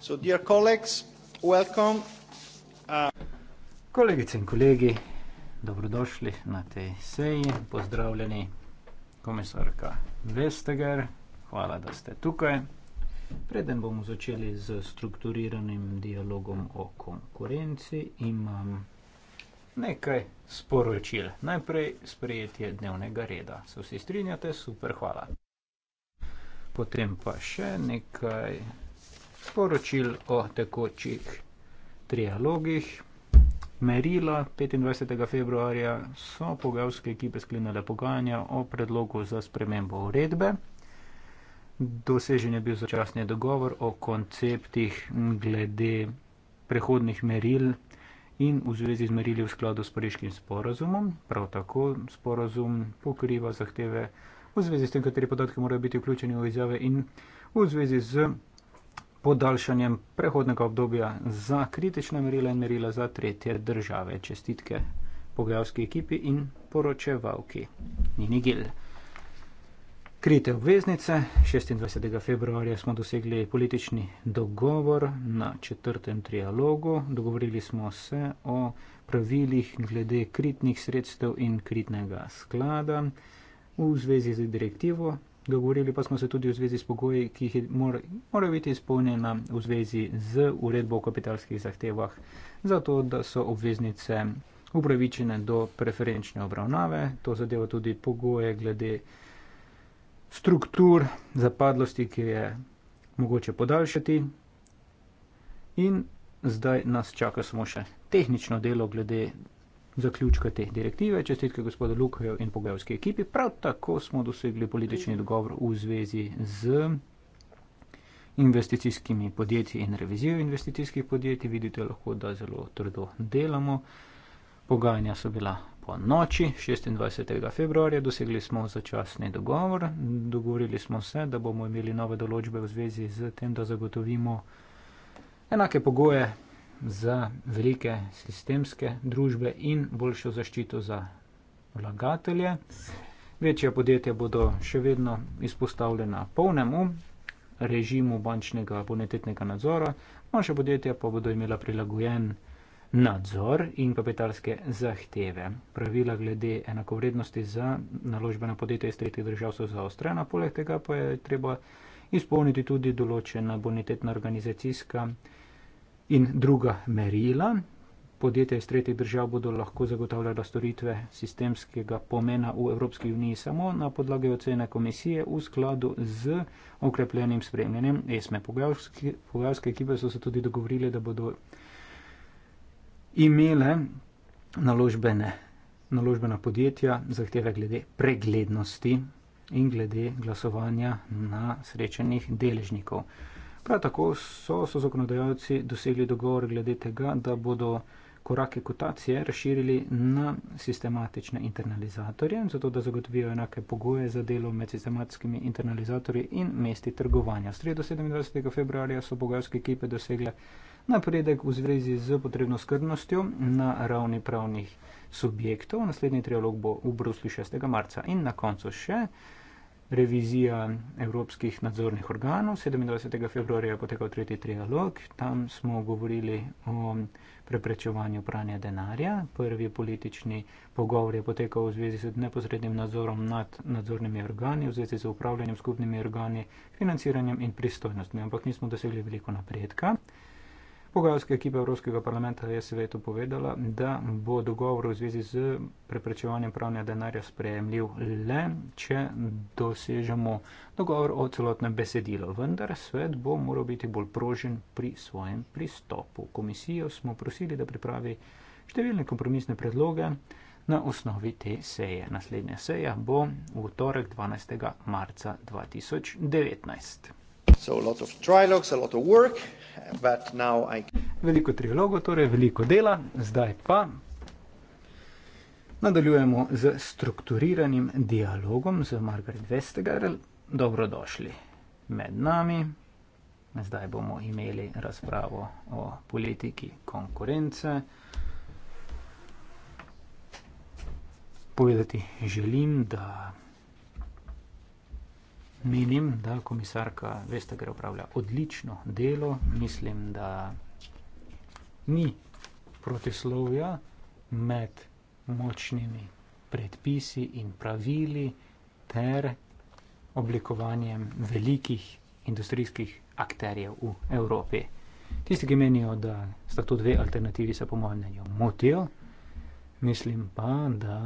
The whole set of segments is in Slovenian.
So, dear colleagues, welcome. Uh... Kolegice in kolegi, dobrodošli na tej seji. Pozdravljeni, komisarka Vesteger. Hvala, da ste tukaj. Preden bomo začeli z strukturiranim dialogom o konkurenci, imam nekaj sporočil. Najprej sprejetje dnevnega reda. Se vsi strinjate? Super, hvala. Potem pa še nekaj sporočil o tekočih trialogih. Merila 25. februarja so pogajalske ekipe sklenile pogajanja o predlogu za spremembo uredbe. Dosežen je bil začasni dogovor o konceptih glede prehodnih meril in v zvezi z merili v skladu s pariškim sporazumom. Prav tako sporazum pokriva zahteve v zvezi s tem, kateri podatki morajo biti vključeni v izjave in v zvezi z podaljšanjem prehodnega obdobja za kritična merila in merila za tretje države. Čestitke pogajalski ekipi in poročevalki Nini Gil. Krite obveznice. 26. februarja smo dosegli politični dogovor na četrtem trialogu. Dogovorili smo se o pravilih glede kritnih sredstev in kritnega sklada. V zvezi z direktivo Govorili pa smo se tudi v zvezi s pogoji, ki jih morajo mora biti izpolnjena v zvezi z uredbo o kapitalskih zahtevah, zato da so obveznice upravičene do preferenčne obravnave. To zadeva tudi pogoje glede struktur zapadlosti, ki je mogoče podaljšati. In zdaj nas čaka samo še tehnično delo glede zaključka te direktive. Čestitke gospodu Lukaju in pogajalski ekipi. Prav tako smo dosegli politični dogovor v zvezi z investicijskimi podjetji in revizijo investicijskih podjetij. Vidite lahko, da zelo trdo delamo. Pogajanja so bila po noči 26. februarja, dosegli smo začasni dogovor. Dogovorili smo se, da bomo imeli nove določbe v zvezi z tem, da zagotovimo enake pogoje za velike sistemske družbe in boljšo zaščito za vlagatelje. Večja podjetja bodo še vedno izpostavljena polnemu režimu bančnega bonitetnega nadzora, manjša podjetja pa bodo imela prilagojen nadzor in kapitalske zahteve. Pravila glede enakovrednosti za naložbena podjetja iz tretjih držav so zaostrena, poleg tega pa je treba izpolniti tudi določena bonitetna organizacijska pravila in druga merila. Podjetja iz tretjih držav bodo lahko zagotavljala storitve sistemskega pomena v Evropski uniji samo na podlagi ocene komisije v skladu z okrepljenim spremljenjem ESME. Pogajalske ekipe so se tudi dogovorile, da bodo imele naložbene, naložbena podjetja zahteve glede preglednosti in glede glasovanja na srečenih deležnikov. Prav tako so, so zakonodajalci dosegli dogovor glede tega, da bodo korake kotacije razširili na sistematične internalizatorje, zato da zagotovijo enake pogoje za delo med sistematskimi internalizatorji in mesti trgovanja. Sredo 27. februarja so bogajske ekipe dosegle napredek v zvezi z potrebno skrbnostjo na ravni pravnih subjektov. Naslednji trialog bo v Bruslju 6. marca. In na koncu še revizija evropskih nadzornih organov. 27. februarja je potekal tretji trialog, tam smo govorili o preprečevanju pranja denarja. Prvi politični pogovor je potekal v zvezi s neposrednim nadzorom nad nadzornimi organi, v zvezi z upravljanjem skupnimi organi, financiranjem in pristojnostmi, ampak nismo dosegli veliko napredka. Pogajalska ekipa Evropskega parlamenta je svetu povedala, da bo dogovor v zvezi z preprečevanjem pravnega denarja sprejemljiv le, če dosežemo dogovor o celotnem besedilu. Vendar svet bo moral biti bolj prožen pri svojem pristopu. Komisijo smo prosili, da pripravi številne kompromisne predloge na osnovi te seje. Naslednja seja bo v torek 12. marca 2019. Veliko trilogov, torej veliko dela, zdaj pa nadaljujemo z strukturiranim dialogom z Margaret Vestager. Dobrodošli med nami. Zdaj bomo imeli razpravo o politiki konkurence. Povedati želim, da menim, da komisarka Vestager upravlja odlično delo. Mislim, da ni protislovja med močnimi predpisi in pravili ter oblikovanjem velikih industrijskih akterjev v Evropi. Tisti, ki menijo, da sta tu dve alternativi, se po mojem mnenju motijo. Mislim pa, da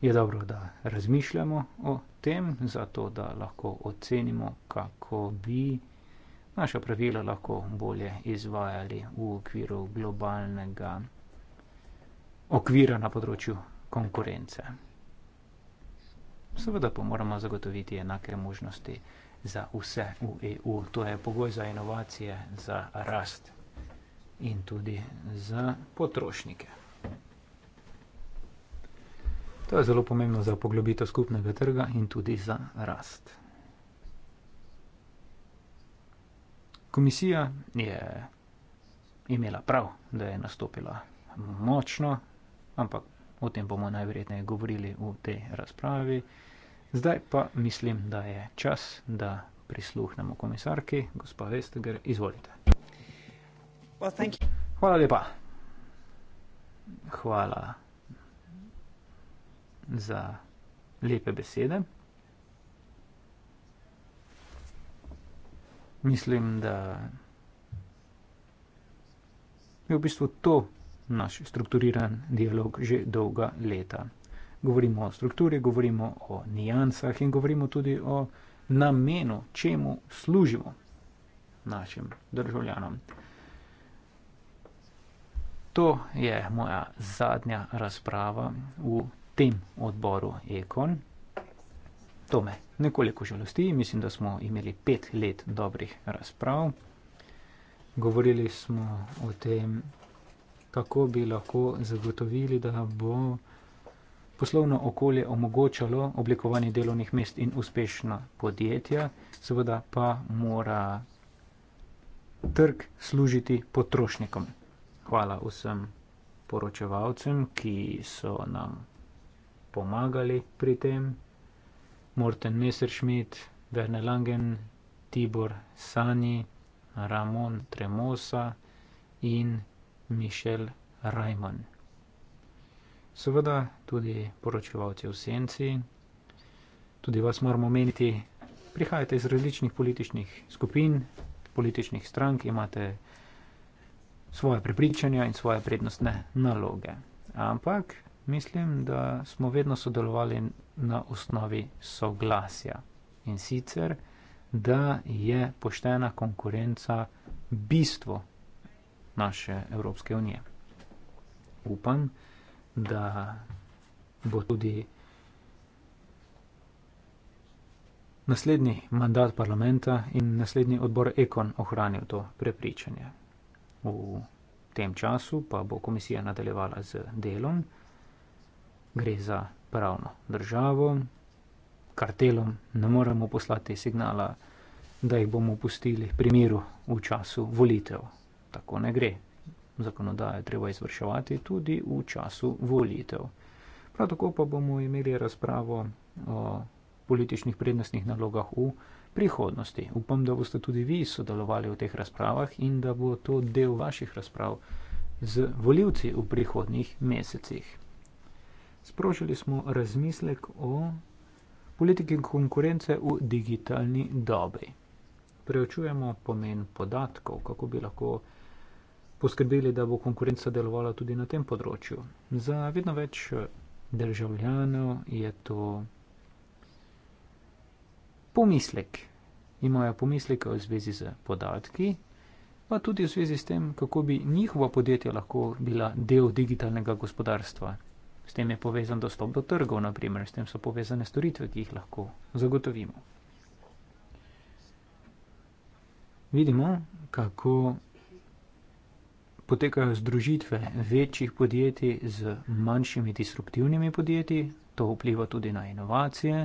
je dobro, da razmišljamo o tem, zato da lahko ocenimo, kako bi naša pravila lahko bolje izvajali v okviru globalnega okvira na področju konkurence. Seveda pa moramo zagotoviti enake možnosti za vse v EU. To je pogoj za inovacije, za rast in tudi za potrošnike. To je zelo pomembno za poglobitev skupnega trga in tudi za rast. Komisija je imela prav, da je nastopila močno, ampak o tem bomo najverjetneje govorili v tej razpravi. Zdaj pa mislim, da je čas, da prisluhnemo komisarki, gospa Vestager, izvolite. Well, Hvala lepa. Hvala za lepe besede. Mislim, da je v bistvu to naš strukturiran dialog že dolga leta. Govorimo o strukturi, govorimo o nijansah in govorimo tudi o namenu, čemu služimo našim državljanom. To je moja zadnja razprava v tem odboru Ekon. To me nekoliko žalosti. Mislim, da smo imeli pet let dobrih razprav. Govorili smo o tem, kako bi lahko zagotovili, da bo poslovno okolje omogočalo oblikovanje delovnih mest in uspešna podjetja, seveda pa mora trg služiti potrošnikom. Hvala vsem poročevalcem, ki so nam pomagali pri tem, Morten Messerschmidt, Werner Langen, Tibor Sani, Ramon Tremosa in Mišel Rajman. Seveda tudi poročevalci v senci, tudi vas moramo omeniti, prihajate iz različnih političnih skupin, političnih strank, imate svoje prepričanja in svoje prednostne naloge. Ampak mislim, da smo vedno sodelovali na osnovi soglasja. In sicer, da je poštena konkurenca bistvo naše Evropske unije. Upam, da bo tudi naslednji mandat parlamenta in naslednji odbor Ekon ohranil to prepričanje. V tem času pa bo komisija nadaljevala z delom gre za pravno državo, kartelom ne moremo poslati signala, da jih bomo pustili pri miru v času volitev. Tako ne gre. Zakonodajo je treba izvrševati tudi v času volitev. Prav tako pa bomo imeli razpravo o političnih prednostnih nalogah v prihodnosti. Upam, da boste tudi vi sodelovali v teh razpravah in da bo to del vaših razprav z voljivci v prihodnih mesecih sprožili smo razmislek o politiki konkurence v digitalni dobi. Preučujemo pomen podatkov, kako bi lahko poskrbeli, da bo konkurenca delovala tudi na tem področju. Za vedno več državljanov je to pomislek. Imajo pomisleke v zvezi z podatki, pa tudi v zvezi s tem, kako bi njihova podjetja lahko bila del digitalnega gospodarstva. S tem je povezan dostop do trgov, naprimer, s tem so povezane storitve, ki jih lahko zagotovimo. Vidimo, kako potekajo združitve večjih podjetij z manjšimi disruptivnimi podjetji, to vpliva tudi na inovacije.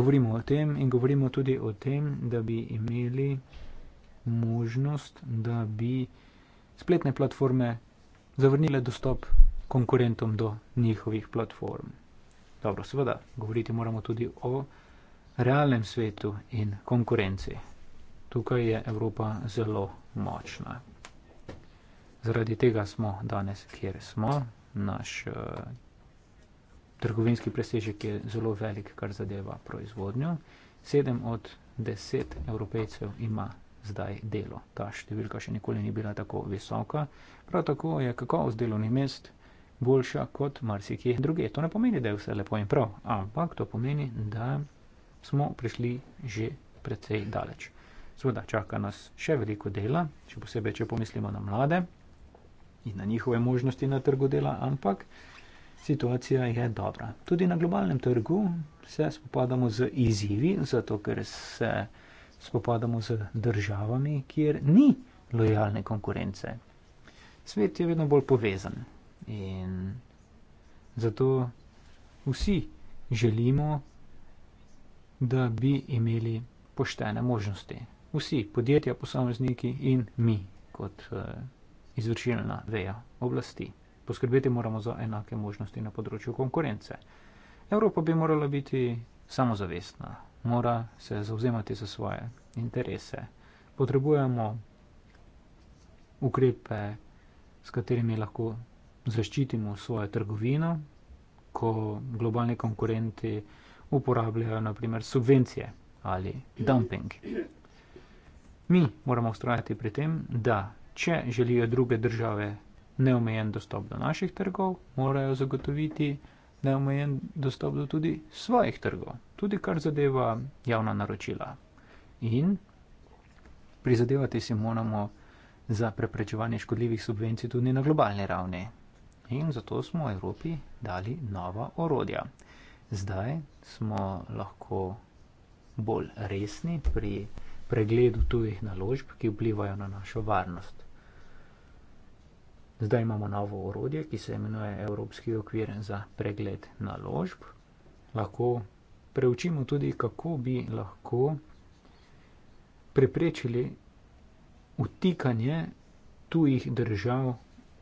Govorimo o tem in govorimo tudi o tem, da bi imeli možnost, da bi spletne platforme zavrnile dostop konkurentom do njihovih platform. Dobro, seveda, govoriti moramo tudi o realnem svetu in konkurenci. Tukaj je Evropa zelo močna. Zaradi tega smo danes, kjer smo. Naš uh, trgovinski presežek je zelo velik, kar zadeva proizvodnjo. Sedem od deset evropejcev ima zdaj delo. Ta številka še nikoli ni bila tako visoka. Prav tako je kakovost delovnih mest boljša kot marsikje druge. To ne pomeni, da je vse lepo in prav, ampak to pomeni, da smo prišli že precej daleč. Sveda čaka nas še veliko dela, še posebej, če pomislimo na mlade in na njihove možnosti na trgu dela, ampak situacija je dobra. Tudi na globalnem trgu se spopadamo z izzivi, zato ker se spopadamo z državami, kjer ni lojalne konkurence. Svet je vedno bolj povezan, In zato vsi želimo, da bi imeli poštene možnosti. Vsi, podjetja, posamezniki in mi, kot eh, izvršilna veja oblasti. Poskrbeti moramo za enake možnosti na področju konkurence. Evropa bi morala biti samozavestna, mora se zauzemati za svoje interese. Potrebujemo ukrepe, s katerimi lahko zaščitimo svojo trgovino, ko globalni konkurenti uporabljajo naprimer subvencije ali dumping. Mi moramo ustrajati pri tem, da če želijo druge države neomejen dostop do naših trgov, morajo zagotoviti neomejen dostop do tudi svojih trgov, tudi kar zadeva javna naročila. In prizadevati si moramo za preprečevanje škodljivih subvencij tudi na globalni ravni in zato smo Evropi dali nova orodja. Zdaj smo lahko bolj resni pri pregledu tujih naložb, ki vplivajo na našo varnost. Zdaj imamo novo orodje, ki se imenuje Evropski okvir za pregled naložb. Lahko preučimo tudi, kako bi lahko preprečili utikanje tujih držav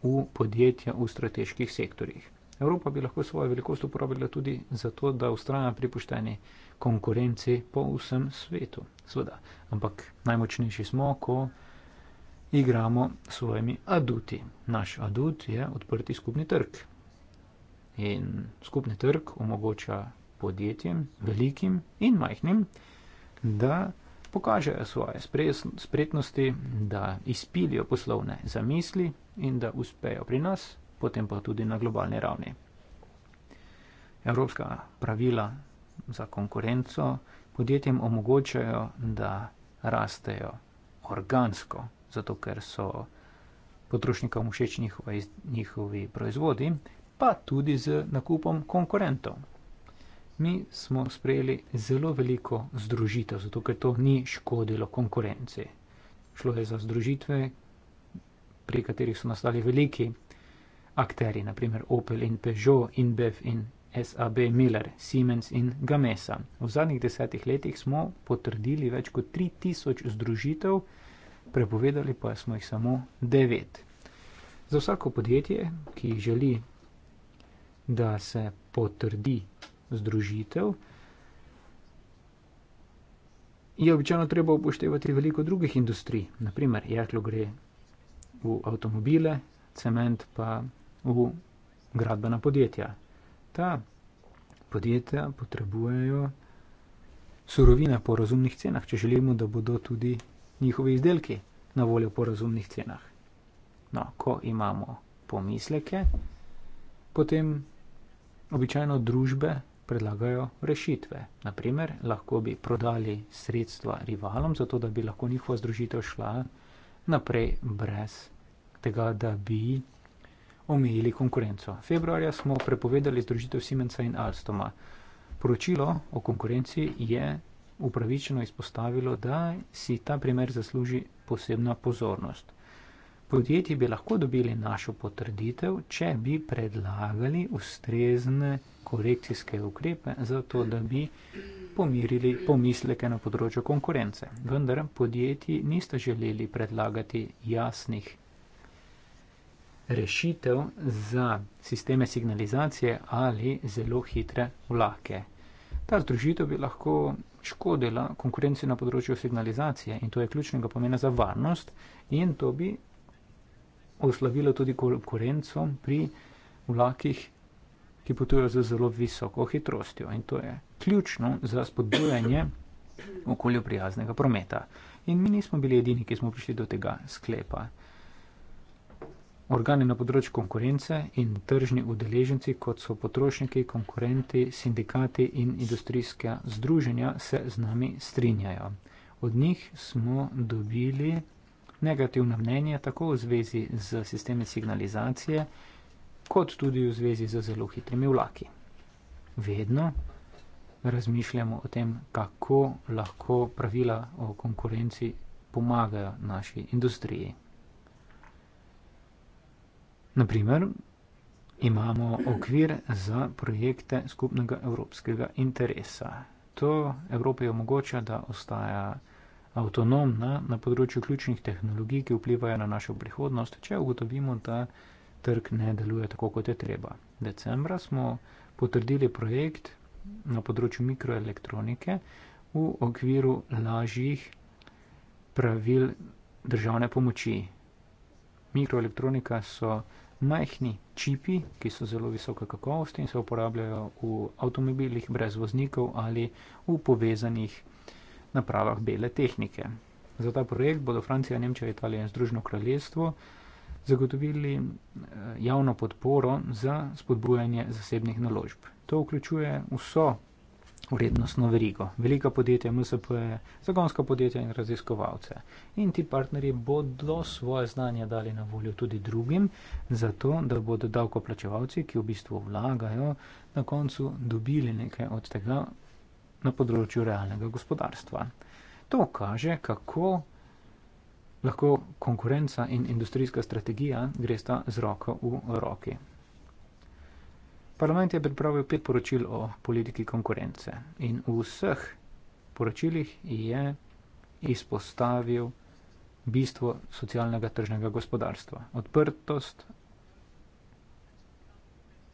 v podjetja v strateških sektorjih. Evropa bi lahko svojo velikost uporabila tudi zato, da ustraja pri pošteni konkurenci po vsem svetu. Sveda, ampak najmočnejši smo, ko igramo s svojimi aduti. Naš adut je odprti skupni trg. In skupni trg omogoča podjetjem, velikim in majhnim, da pokažejo svoje spretnosti, da izpilijo poslovne zamisli in da uspejo pri nas, potem pa tudi na globalni ravni. Evropska pravila za konkurenco podjetjem omogočajo, da rastejo organsko, zato ker so potrošnikom všeč njihovi proizvodi, pa tudi z nakupom konkurentov mi smo sprejeli zelo veliko združitev, zato ker to ni škodilo konkurenci. Šlo je za združitve, pri katerih so nastali veliki akteri, naprimer Opel in Peugeot, InBev in SAB e Miller, Siemens in Gamesa. V zadnjih desetih letih smo potrdili več kot 3000 združitev, prepovedali pa smo jih samo 9. Za vsako podjetje, ki želi, da se potrdi združitev, je običajno treba upoštevati veliko drugih industrij. Naprimer, jeklo gre v avtomobile, cement pa v gradbena podjetja. Ta podjetja potrebujejo surovine po razumnih cenah, če želimo, da bodo tudi njihovi izdelki na voljo po razumnih cenah. No, ko imamo pomisleke, potem običajno družbe predlagajo rešitve. Naprimer, lahko bi prodali sredstva rivalom, zato da bi lahko njihova združitev šla naprej brez tega, da bi omejili konkurenco. Februarja smo prepovedali združitev Siemensa in Alstoma. Poročilo o konkurenci je upravičeno izpostavilo, da si ta primer zasluži posebna pozornost. Podjetji bi lahko dobili našo potrditev, če bi predlagali ustrezne korekcijske ukrepe za to, da bi pomirili pomisleke na področju konkurence. Vendar podjetji niste želeli predlagati jasnih rešitev za sisteme signalizacije ali zelo hitre vlake. Ta združitev bi lahko škodila konkurenci na področju signalizacije in to je ključnega pomena za varnost in to bi oslabilo tudi konkurenco pri vlakih, ki potujejo z zelo visoko hitrostjo. In to je ključno za spodbujanje okolju prijaznega prometa. In mi nismo bili edini, ki smo prišli do tega sklepa. Organi na področju konkurence in tržni udeleženci, kot so potrošniki, konkurenti, sindikati in industrijska združenja, se z nami strinjajo. Od njih smo dobili negativna mnenja tako v zvezi z sistemi signalizacije, kot tudi v zvezi z zelo hitrimi vlaki. Vedno razmišljamo o tem, kako lahko pravila o konkurenci pomagajo naši industriji. Naprimer, imamo okvir za projekte skupnega evropskega interesa. To Evropi omogoča, da ostaja avtonomna na področju ključnih tehnologij, ki vplivajo na našo prihodnost, če ugotovimo, da trg ne deluje tako, kot je treba. Decembra smo potrdili projekt na področju mikroelektronike v okviru lažjih pravil državne pomoči. Mikroelektronika so majhni čipi, ki so zelo visoke kakovosti in se uporabljajo v avtomobilih brez voznikov ali v povezanih avtomobilih napravah bele tehnike. Za ta projekt bodo Francija, Nemčija, Italija in Združeno kraljestvo zagotovili eh, javno podporo za spodbujanje zasebnih naložb. To vključuje vso vrednostno verigo, velika podjetja, MSP, zagonska podjetja in raziskovalce. In ti partnerji bodo svoje znanje dali na voljo tudi drugim, zato da bodo davkoplačevalci, ki v bistvu vlagajo, na koncu dobili nekaj od tega, na področju realnega gospodarstva. To kaže, kako lahko konkurenca in industrijska strategija gresta z roko v roki. Parlament je pripravil pet poročil o politiki konkurence in v vseh poročilih je izpostavil bistvo socialnega tržnega gospodarstva. Odprtost,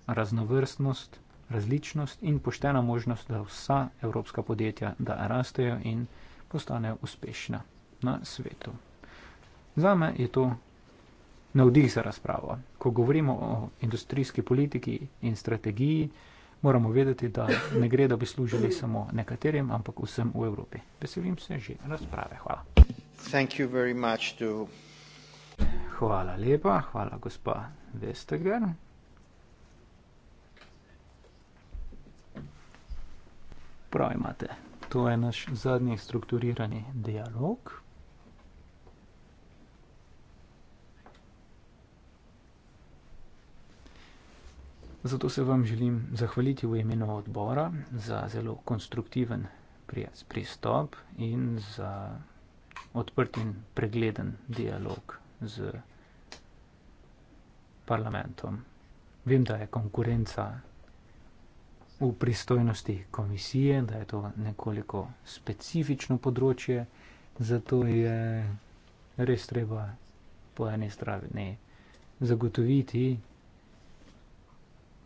raznovrstnost različnost in poštena možnost, da vsa evropska podjetja da rastejo in postanejo uspešna na svetu. Za me je to navdih za razpravo. Ko govorimo o industrijski politiki in strategiji, moramo vedeti, da ne gre, da bi služili samo nekaterim, ampak vsem v Evropi. Veselim se že razprave. Hvala. Hvala lepa, hvala gospa Vestager. prav imate. To je naš zadnji strukturirani dialog. Zato se vam želim zahvaliti v imenu odbora za zelo konstruktiven pristop in za odprt in pregleden dialog z parlamentom. Vem, da je konkurenca v pristojnosti komisije, da je to nekoliko specifično področje, zato je res treba po eni strani zagotoviti,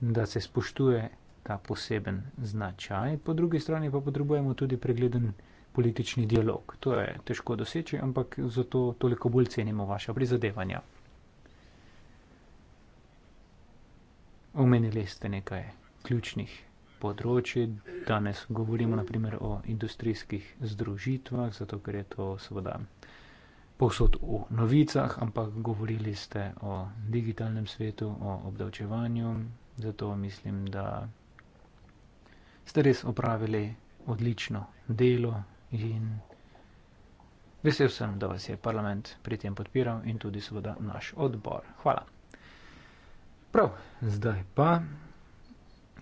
da se spoštuje ta poseben značaj, po drugi strani pa potrebujemo tudi pregleden politični dialog. To je težko doseči, ampak zato toliko bolj cenimo vaše prizadevanja. Omenili ste nekaj ključnih področji. Danes govorimo naprimer o industrijskih združitvah, zato ker je to seveda povsod v novicah, ampak govorili ste o digitalnem svetu, o obdavčevanju, zato mislim, da ste res opravili odlično delo in vesel sem, da vas je parlament pri tem podpiral in tudi seveda naš odbor. Hvala. Prav, zdaj pa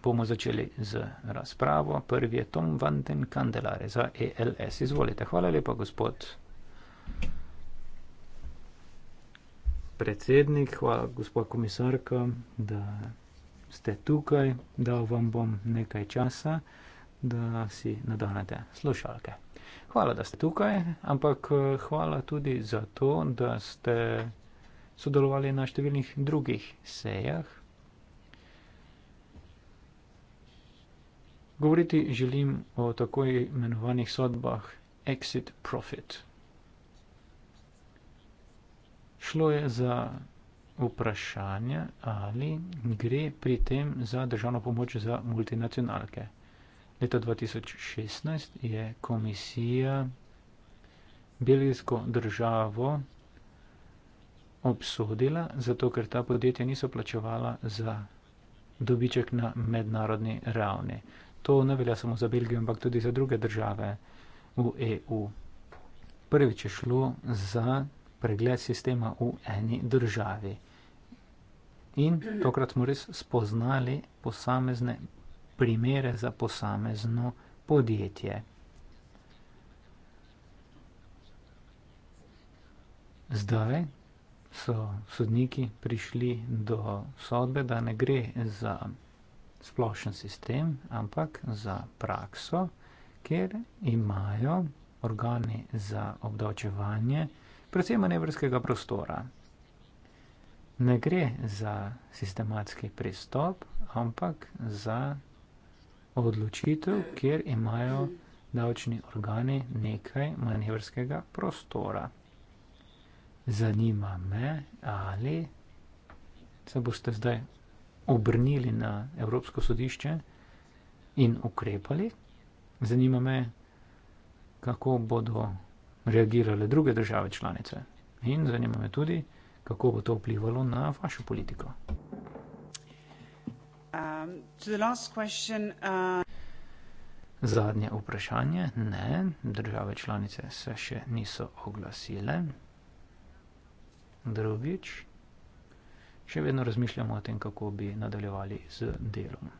bomo začeli z razpravo. Prvi je Tom van den Kandelare za ELS. Izvolite. Hvala lepa, gospod. Predsednik, hvala gospa komisarka, da ste tukaj, da vam bom nekaj časa, da si nadanete slušalke. Hvala, da ste tukaj, ampak hvala tudi za to, da ste sodelovali na številnih drugih sejah, Govoriti želim o tako imenovanih sodbah Exit Profit. Šlo je za vprašanje, ali gre pri tem za državno pomoč za multinacionalke. Leta 2016 je komisija belgijsko državo obsodila, zato ker ta podjetja niso plačevala za dobiček na mednarodni ravni to ne velja samo za Belgijo, ampak tudi za druge države v EU. Prvič je šlo za pregled sistema v eni državi. In tokrat smo res spoznali posamezne primere za posamezno podjetje. Zdaj so sodniki prišli do sodbe, da ne gre za splošen sistem, ampak za prakso, kjer imajo organi za obdavčevanje predvsem manevrskega prostora. Ne gre za sistematski pristop, ampak za odločitev, kjer imajo davčni organi nekaj manevrskega prostora. Zanima me, ali se boste zdaj obrnili na Evropsko sodišče in ukrepali. Zanima me, kako bodo reagirale druge države članice in zanima me tudi, kako bo to vplivalo na vašo politiko. Um, uh, Zadnje vprašanje. Ne, države članice se še niso oglasile. Drugič še vedno razmišljamo o tem, kako bi nadaljevali z delom.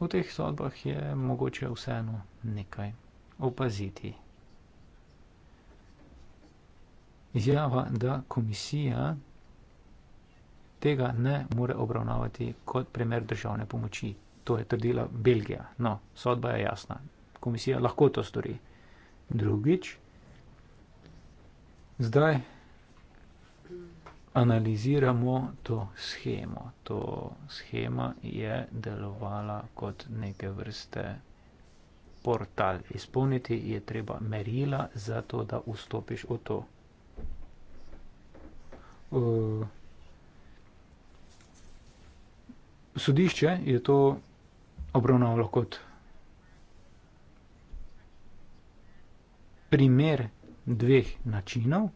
V teh sodbah je mogoče vseeno nekaj opaziti. Izjava, da komisija tega ne more obravnavati kot primer državne pomoči. To je trdila Belgija. No, sodba je jasna. Komisija lahko to stori. Drugič, zdaj analiziramo to schemo. To schema je delovala kot neke vrste portal. Izpolniti je treba merila za to, da vstopiš v to. Uh, sodišče je to obravnavalo kot primer dveh načinov,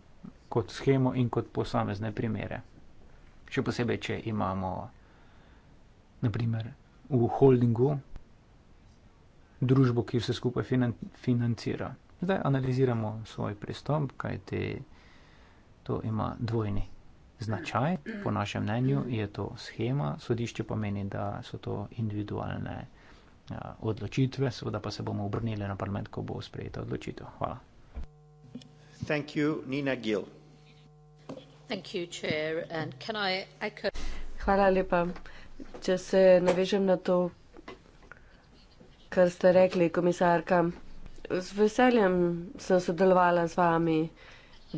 kot schemo in kot posamezne primere. Še posebej, če imamo naprimer v holdingu družbo, ki vse skupaj finan financira. Zdaj analiziramo svoj pristop, kaj te to ima dvojni značaj. Po našem mnenju je to schema, sodišče pomeni, da so to individualne a, odločitve, seveda pa se bomo obrnili na parlament, ko bo sprejeta odločitev. Hvala. Thank you, Nina Gill. Hvala lepa. Če se navežem na to, kar ste rekli, komisarka. Z veseljem sem sodelovala z vami.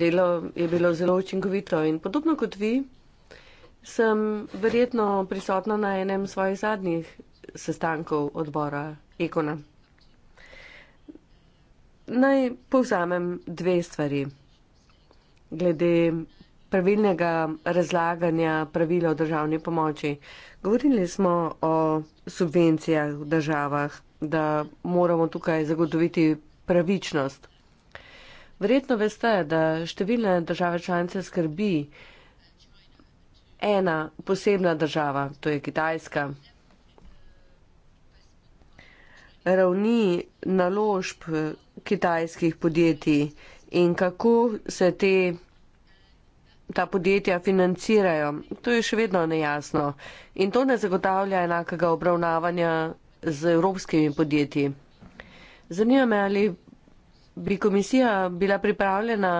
Delo je bilo zelo učinkovito in podobno kot vi, sem verjetno prisotna na enem svojih zadnjih sestankov odbora Ekona. Naj povzamem dve stvari glede pravilnega razlaganja pravila o državni pomoči. Govorili smo o subvencijah v državah, da moramo tukaj zagotoviti pravičnost. Verjetno veste, da številne države članice skrbi ena posebna država, to je Kitajska. Ravni naložb kitajskih podjetij in kako se te ta podjetja financirajo. To je še vedno nejasno in to ne zagotavlja enakega obravnavanja z evropskimi podjetji. Zanima me, ali bi komisija bila pripravljena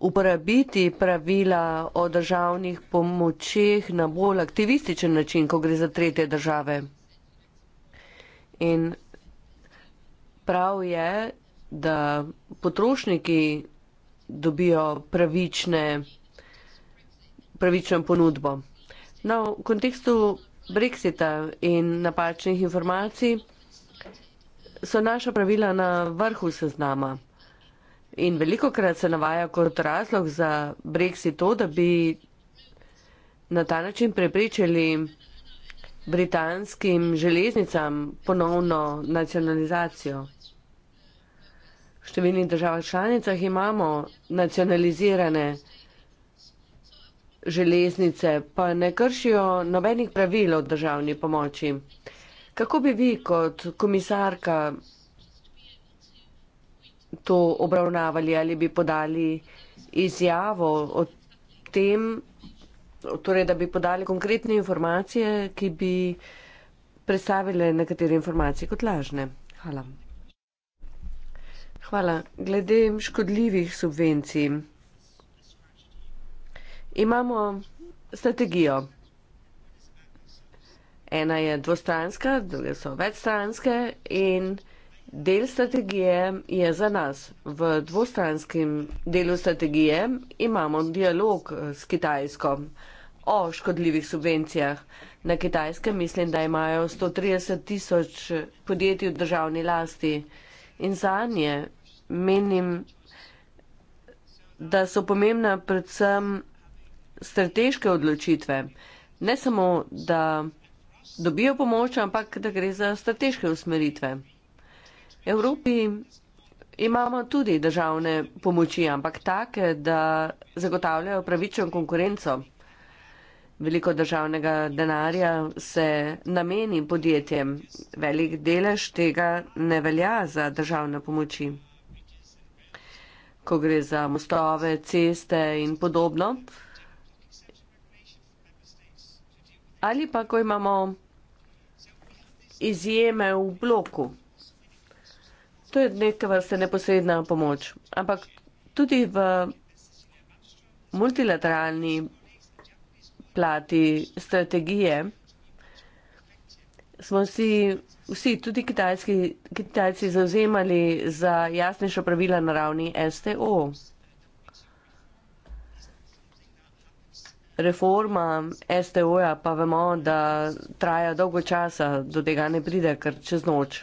uporabiti pravila o državnih pomočeh na bolj aktivističen način, ko gre za tretje države. In prav je, da potrošniki dobijo pravične, pravično ponudbo. No, v kontekstu Brexita in napačnih informacij so naša pravila na vrhu seznama. In veliko krat se navaja kot razlog za Brexit to, da bi na ta način preprečili britanskim železnicam ponovno nacionalizacijo številnih državah članicah imamo nacionalizirane železnice, pa ne kršijo nobenih pravil o državni pomoči. Kako bi vi kot komisarka to obravnavali ali bi podali izjavo o tem, torej da bi podali konkretne informacije, ki bi predstavile nekatere informacije kot lažne? Hvala. Hvala. Glede škodljivih subvencij. Imamo strategijo. Ena je dvostranska, druge so večstranske in del strategije je za nas. V dvostranskem delu strategije imamo dialog s Kitajsko o škodljivih subvencijah. Na Kitajskem mislim, da imajo 130 tisoč podjetij v državni lasti in zanje menim, da so pomembna predvsem strateške odločitve. Ne samo, da dobijo pomoč, ampak da gre za strateške usmeritve. Evropi imamo tudi državne pomoči, ampak take, da zagotavljajo pravično konkurenco. Veliko državnega denarja se nameni podjetjem. Velik delež tega ne velja za državne pomoči ko gre za mostove, ceste in podobno. Ali pa, ko imamo izjeme v bloku. To je neka vrsta neposredna pomoč. Ampak tudi v multilateralni plati strategije smo si vsi, tudi kitajski, kitajci, zauzemali za jasnejša pravila na ravni STO. Reforma STO-ja pa vemo, da traja dolgo časa, do tega ne pride kar čez noč.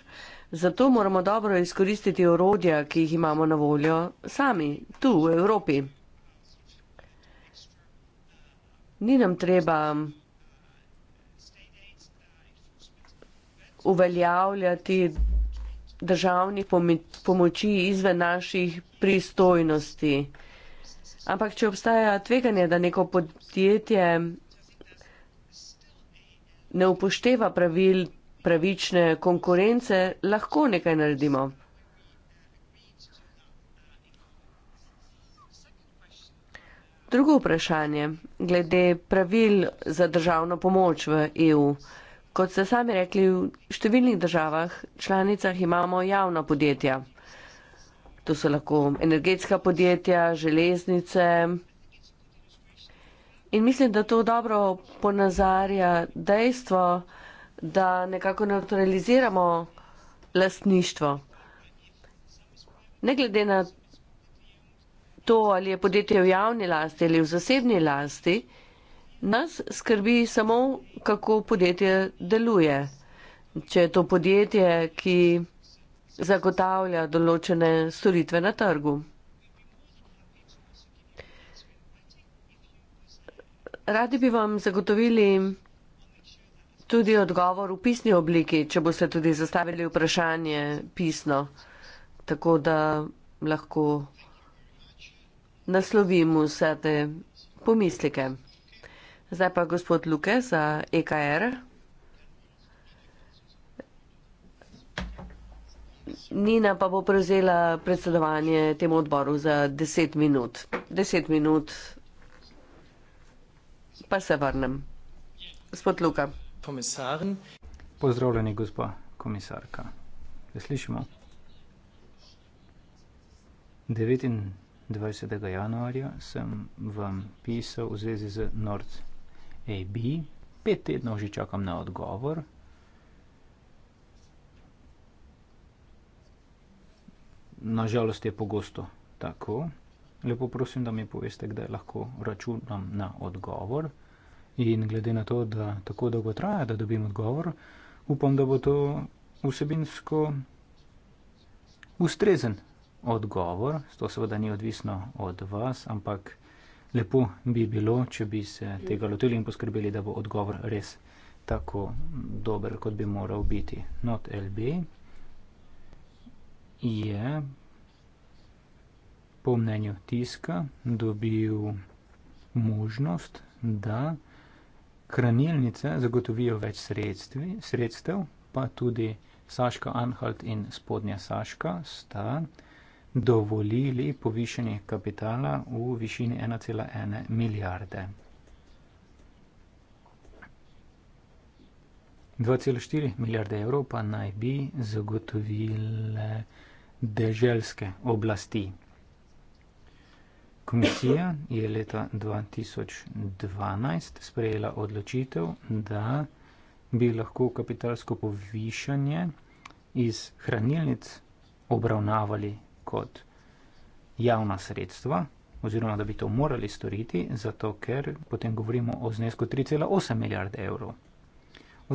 Zato moramo dobro izkoristiti orodja, ki jih imamo na voljo sami, tu v Evropi. Ni nam treba uveljavljati državni pomoči izven naših pristojnosti. Ampak, če obstaja tveganje, da neko podjetje ne upošteva pravil pravične konkurence, lahko nekaj naredimo. Drugo vprašanje glede pravil za državno pomoč v EU. Kot ste sami rekli, v številnih državah, članicah imamo javna podjetja. To so lahko energetska podjetja, železnice. In mislim, da to dobro ponazarja dejstvo, da nekako neutraliziramo lastništvo. Ne glede na to, ali je podjetje v javni lasti ali v zasebni lasti, Nas skrbi samo, kako podjetje deluje. Če je to podjetje, ki zagotavlja določene storitve na trgu. Radi bi vam zagotovili tudi odgovor v pisni obliki, če boste tudi zastavili vprašanje pisno, tako da lahko naslovim vse te pomislike. Zdaj pa gospod Luke za EKR. Nina pa bo prevzela predsedovanje temu odboru za 10 minut. 10 minut, pa se vrnem. Gospod Luka. Komisarin. Pozdravljeni, gospa komisarka. Da slišimo. 29. januarja sem vam pisal v zvezi z Nord AB. Pet tednov že čakam na odgovor. Nažalost je pogosto tako. Lepo prosim, da mi poveste, kdaj lahko računam na odgovor. In glede na to, da tako dolgo traja, da dobim odgovor, upam, da bo to vsebinsko ustrezen odgovor. To seveda ni odvisno od vas, ampak lepo bi bilo, če bi se tega lotili in poskrbeli, da bo odgovor res tako dober, kot bi moral biti. Not LB je po mnenju tiska dobil možnost, da hranilnice zagotovijo več sredstvi, sredstev, pa tudi Saška Anhalt in spodnja Saška sta dovolili povišanje kapitala v višini 1,1 milijarde. 2,4 milijarde evrov pa naj bi zagotovile deželske oblasti. Komisija je leta 2012 sprejela odločitev, da bi lahko kapitalsko povišanje iz hranilnic obravnavali kot javna sredstva, oziroma da bi to morali storiti, zato ker potem govorimo o znesku 3,8 milijarde evrov.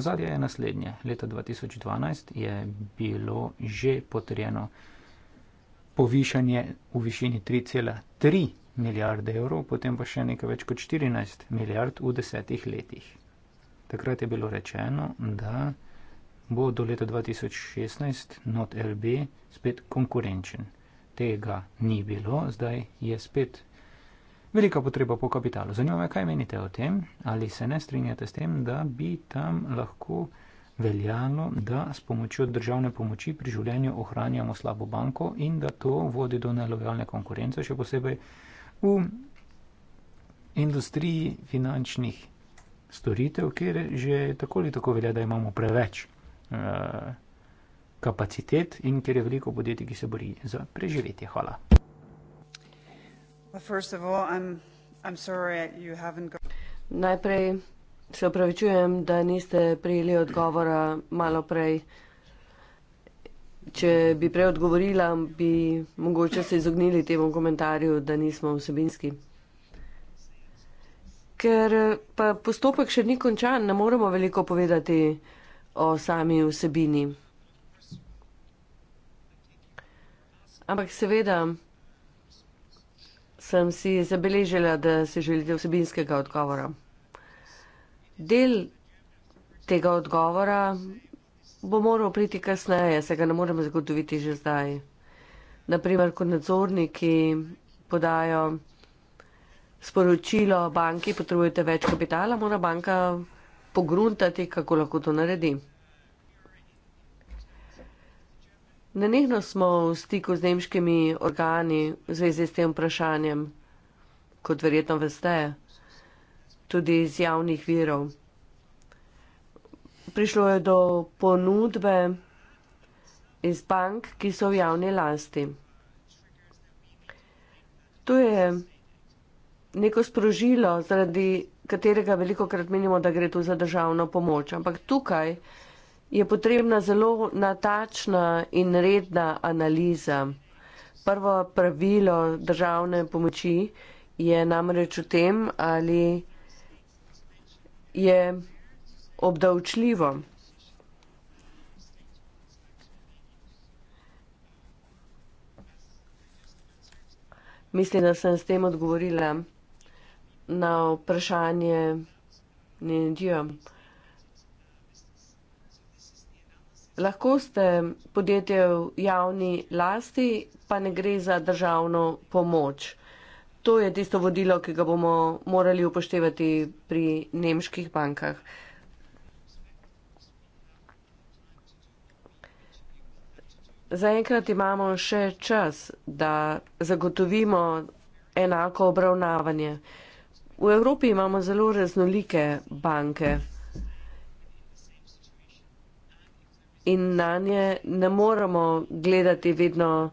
Ozadje je naslednje. Leta 2012 je bilo že potrjeno povišanje v višini 3,3 milijarde evrov, potem pa še nekaj več kot 14 milijard v desetih letih. Takrat je bilo rečeno, da bo do leta 2016 NotLB spet konkurenčen tega ni bilo, zdaj je spet velika potreba po kapitalu. Zanima me, kaj menite o tem, ali se ne strinjate s tem, da bi tam lahko veljalo, da s pomočjo državne pomoči pri življenju ohranjamo slabo banko in da to vodi do nelojalne konkurence, še posebej v industriji finančnih storitev, kjer že tako ali tako velja, da imamo preveč. Uh, kapacitet in kjer je veliko podjetij, ki se bori za preživetje. Hvala. Najprej se opravičujem, da niste prijeli odgovora malo prej. Če bi prej odgovorila, bi mogoče se izognili temu komentarju, da nismo vsebinski. Ker pa postopek še ni končan, ne moremo veliko povedati o sami vsebini. Ampak seveda sem si zabeležila, da se želite vsebinskega odgovora. Del tega odgovora bo moral priti kasneje, se ga ne moremo zagotoviti že zdaj. Naprimer, kot nadzorniki podajo sporočilo banki, potrebujete več kapitala, mora banka pogruntati, kako lahko to naredi. Nenehno smo v stiku z nemškimi organi v zvezi s tem vprašanjem, kot verjetno veste, tudi iz javnih virov. Prišlo je do ponudbe iz bank, ki so v javni lasti. To je neko sprožilo, zaradi katerega veliko krat menimo, da gre tu za državno pomoč. Ampak tukaj je potrebna zelo natačna in redna analiza. Prvo pravilo državne pomoči je namreč v tem, ali je obdavčljivo. Mislim, da sem s tem odgovorila na vprašanje Nindijo. lahko ste podjetje v javni lasti, pa ne gre za državno pomoč. To je tisto vodilo, ki ga bomo morali upoštevati pri nemških bankah. Zaenkrat imamo še čas, da zagotovimo enako obravnavanje. V Evropi imamo zelo raznolike banke. in na nje ne moremo gledati vedno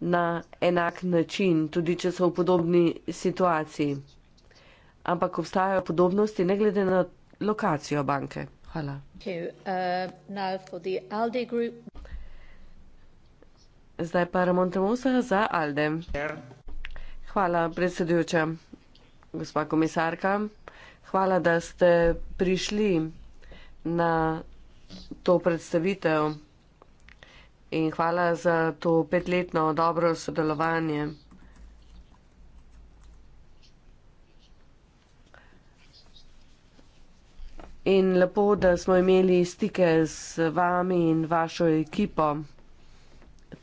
na enak način, tudi če so v podobni situaciji. Ampak obstajajo podobnosti, ne glede na lokacijo banke. Hvala. Uh, Zdaj pa Ramon Temusa za Alde. Hvala, predsedujoča, gospa komisarka. Hvala, da ste prišli na to predstavitev in hvala za to petletno dobro sodelovanje. In lepo, da smo imeli stike z vami in vašo ekipo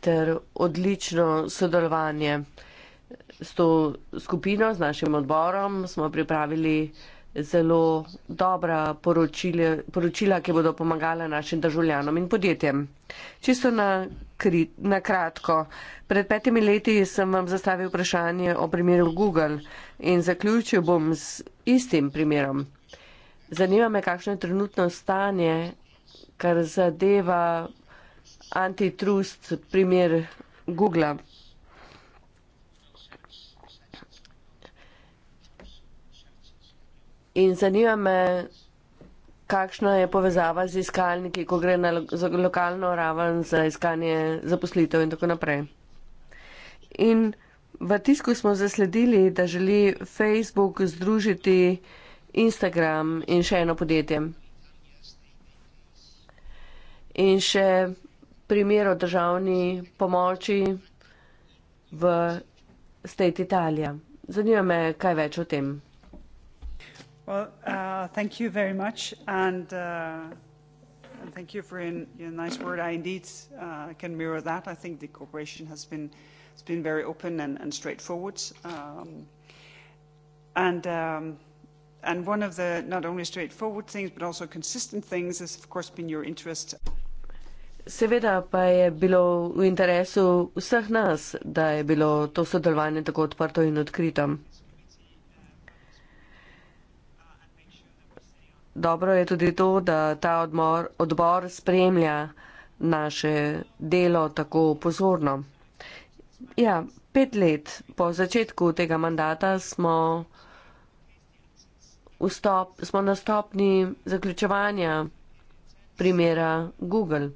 ter odlično sodelovanje s to skupino, z našim odborom. Smo pripravili uh, zelo dobra poročile, poročila, ki bodo pomagala našim državljanom in podjetjem. Čisto na, kri, na kratko. Pred petimi leti sem vam zastavil vprašanje o primeru Google in zaključil bom z istim primerom. Zanima me, kakšno je trenutno stanje, kar zadeva antitrust primer Google. -a. In zanima me, kakšna je povezava z iskalniki, ko gre na lo lokalno raven za iskanje zaposlitev in tako naprej. In v tisku smo zasledili, da želi Facebook združiti Instagram in še eno podjetje. In še primer o državni pomoči v State Italija. Zanima me, kaj več o tem. Well, uh, thank you very much, and, uh, and thank you for in, your nice word. I indeed uh, can mirror that. I think the cooperation has been has been very open and, and straightforward. Um, and um, and one of the not only straightforward things but also consistent things has, of course, been your interest. Seveda pa je bilo v interesu vseh nas, da je bilo to sodelovanje tako odprto in odkrito. Dobro je tudi to, da ta odmor, odbor spremlja naše delo tako pozorno. Ja, pet let po začetku tega mandata smo, stop, smo na stopni zaključovanja primera Google.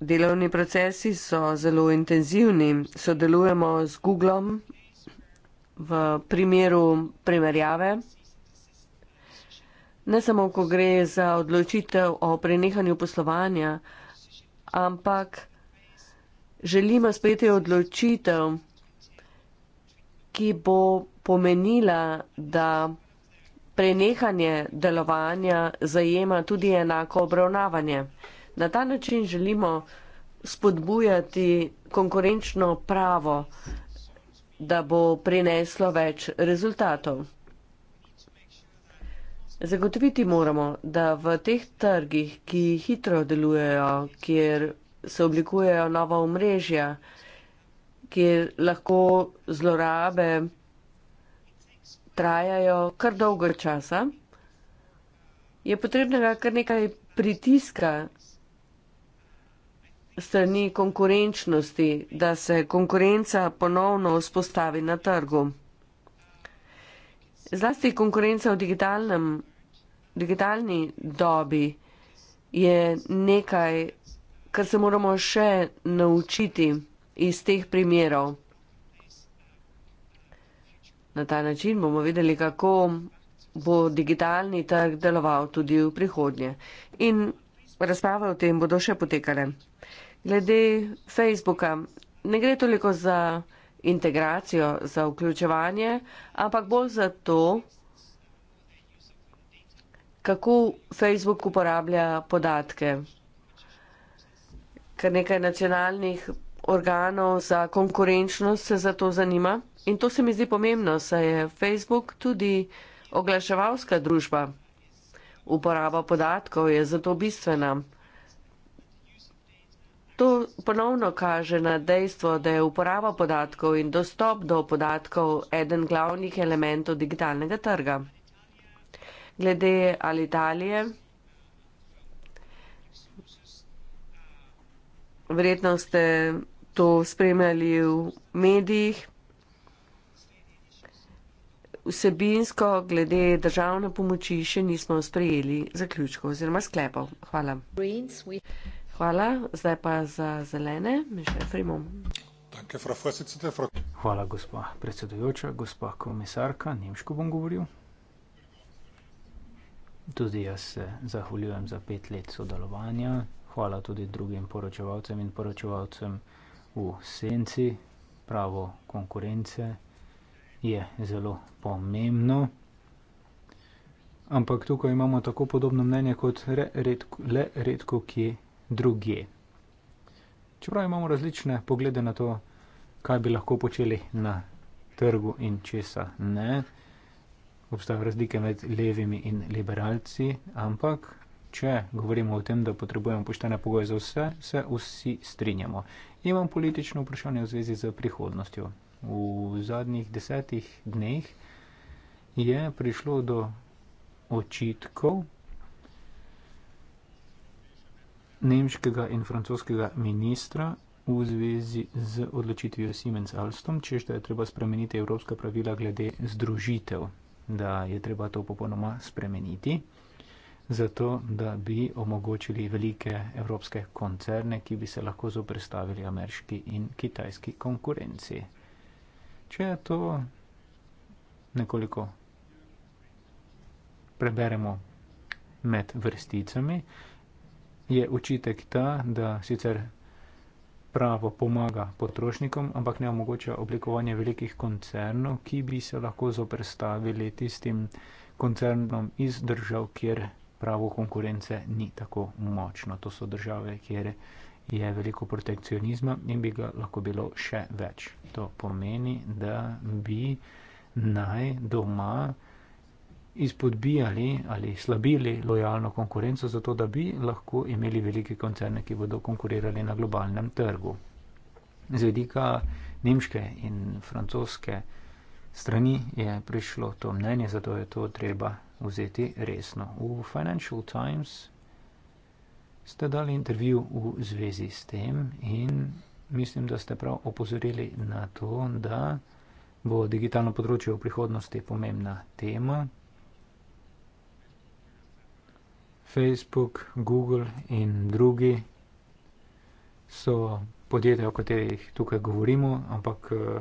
Delovni procesi so zelo intenzivni. Sodelujemo z Googlom v primeru primerjave ne samo, ko gre za odločitev o prenehanju poslovanja, ampak želimo sprejeti odločitev, ki bo pomenila, da prenehanje delovanja zajema tudi enako obravnavanje. Na ta način želimo spodbujati konkurenčno pravo, da bo prineslo več rezultatov. Zagotoviti moramo, da v teh trgih, ki hitro delujejo, kjer se oblikujejo nova omrežja, kjer lahko zlorabe trajajo kar dolgo časa, je potrebnega kar nekaj pritiska strani konkurenčnosti, da se konkurenca ponovno vzpostavi na trgu. Zlasti konkurenca v digitalnem digitalni dobi je nekaj, kar se moramo še naučiti iz teh primerov. Na ta način bomo videli, kako bo digitalni trg deloval tudi v prihodnje. In razprave o tem bodo še potekale. Glede Facebooka, ne gre toliko za integracijo, za vključevanje, ampak bolj za to, kako Facebook uporablja podatke. Ker nekaj nacionalnih organov za konkurenčnost se za to zanima. In to se mi zdi pomembno, saj je Facebook tudi oglaševalska družba. Uporaba podatkov je zato bistvena. To ponovno kaže na dejstvo, da je uporaba podatkov in dostop do podatkov eden glavnih elementov digitalnega trga glede Alitalije. Verjetno ste to spremljali v medijih. Vsebinsko glede državne pomoči še nismo sprejeli zaključkov oziroma sklepov. Hvala. Hvala, zdaj pa za zelene. Mišel Frimom. Hvala, gospa predsedujoča, gospa komisarka, nemško bom govoril. Tudi jaz se zahvaljujem za pet let sodelovanja. Hvala tudi drugim poročevalcem in poročevalcem v senci. Pravo konkurence je zelo pomembno. Ampak tukaj imamo tako podobno mnenje kot re, redko, le redko kje druge. Čeprav imamo različne poglede na to, kaj bi lahko počeli na trgu in česa ne obstajajo razlike med levimi in liberalci, ampak če govorimo o tem, da potrebujemo poštene pogoje za vse, se vsi strinjamo. Imam politično vprašanje v zvezi z prihodnostjo. V zadnjih desetih dneh je prišlo do očitkov nemškega in francoskega ministra v zvezi z odločitvijo Siemens Alstom, če je treba spremeniti evropska pravila glede združitev da je treba to popolnoma spremeniti, zato da bi omogočili velike evropske koncerne, ki bi se lahko zoprestavili ameriški in kitajski konkurenci. Če je to nekoliko preberemo med vrsticami, je očitek ta, da sicer pravo pomaga potrošnikom, ampak ne omogoča oblikovanje velikih koncernov, ki bi se lahko zoprstavili tistim koncernom iz držav, kjer pravo konkurence ni tako močno. To so države, kjer je veliko protekcionizma in bi ga lahko bilo še več. To pomeni, da bi naj doma izpodbijali ali slabili lojalno konkurenco, zato da bi lahko imeli velike koncerne, ki bodo konkurirali na globalnem trgu. Z vedika nemške in francoske strani je prišlo to mnenje, zato je to treba vzeti resno. V Financial Times ste dali intervju v zvezi s tem in mislim, da ste prav opozorili na to, da bo digitalno področje v prihodnosti pomembna tema. Facebook, Google in drugi so podjetja, o katerih tukaj govorimo, ampak eh,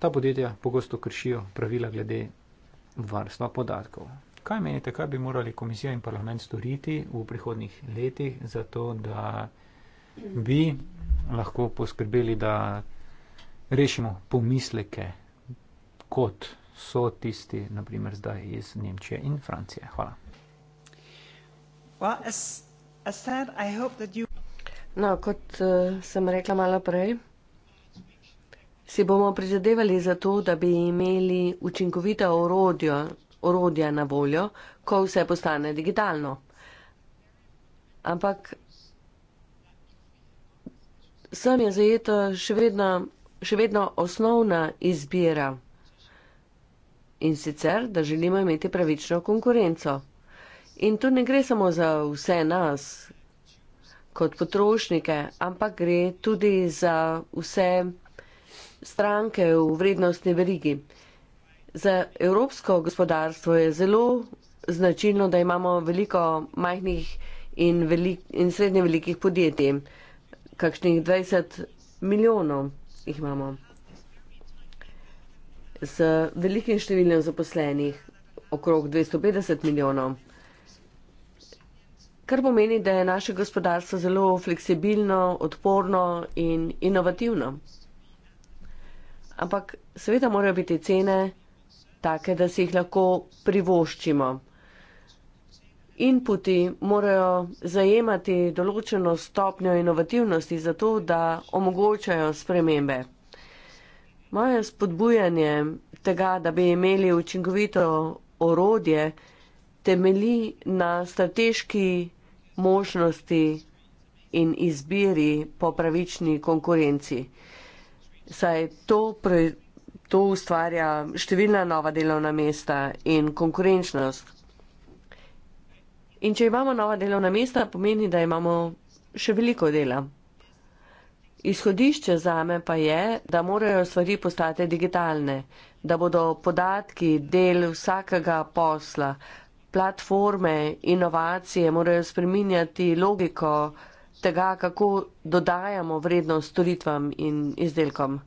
ta podjetja pogosto kršijo pravila glede varstva podatkov. Kaj menite, kaj bi morali komisija in parlament storiti v prihodnih letih, zato da bi lahko poskrbeli, da rešimo pomisleke, kot so tisti, naprimer zdaj iz Nemčije in Francije? Hvala. No, kot eh, sem rekla malo prej, si bomo prizadevali za to, da bi imeli učinkovita orodja, orodja na voljo, ko vse postane digitalno. Ampak sem je zajeto še vedno, še vedno osnovna izbira in sicer, da želimo imeti pravično konkurenco. In to ne gre samo za vse nas kot potrošnike, ampak gre tudi za vse stranke v vrednostni verigi. Za evropsko gospodarstvo je zelo značilno, da imamo veliko majhnih in, velik, in srednje velikih podjetij. Kakšnih 20 milijonov jih imamo. Z velikim številom zaposlenih, okrog 250 milijonov kar pomeni, da je naše gospodarstvo zelo fleksibilno, odporno in inovativno. Ampak seveda morajo biti cene take, da si jih lahko privoščimo. Inputi morajo zajemati določeno stopnjo inovativnosti, zato da omogočajo spremembe. Moje spodbujanje tega, da bi imeli učinkovito orodje, temelji na strateški možnosti in izbiri po pravični konkurenci. Saj to, to ustvarja številna nova delovna mesta in konkurenčnost. In če imamo nova delovna mesta, pomeni, da imamo še veliko dela. Izhodišče zame pa je, da morajo stvari postati digitalne, da bodo podatki del vsakega posla, platforme, inovacije morajo spreminjati logiko tega, kako dodajamo vrednost storitvam in izdelkom.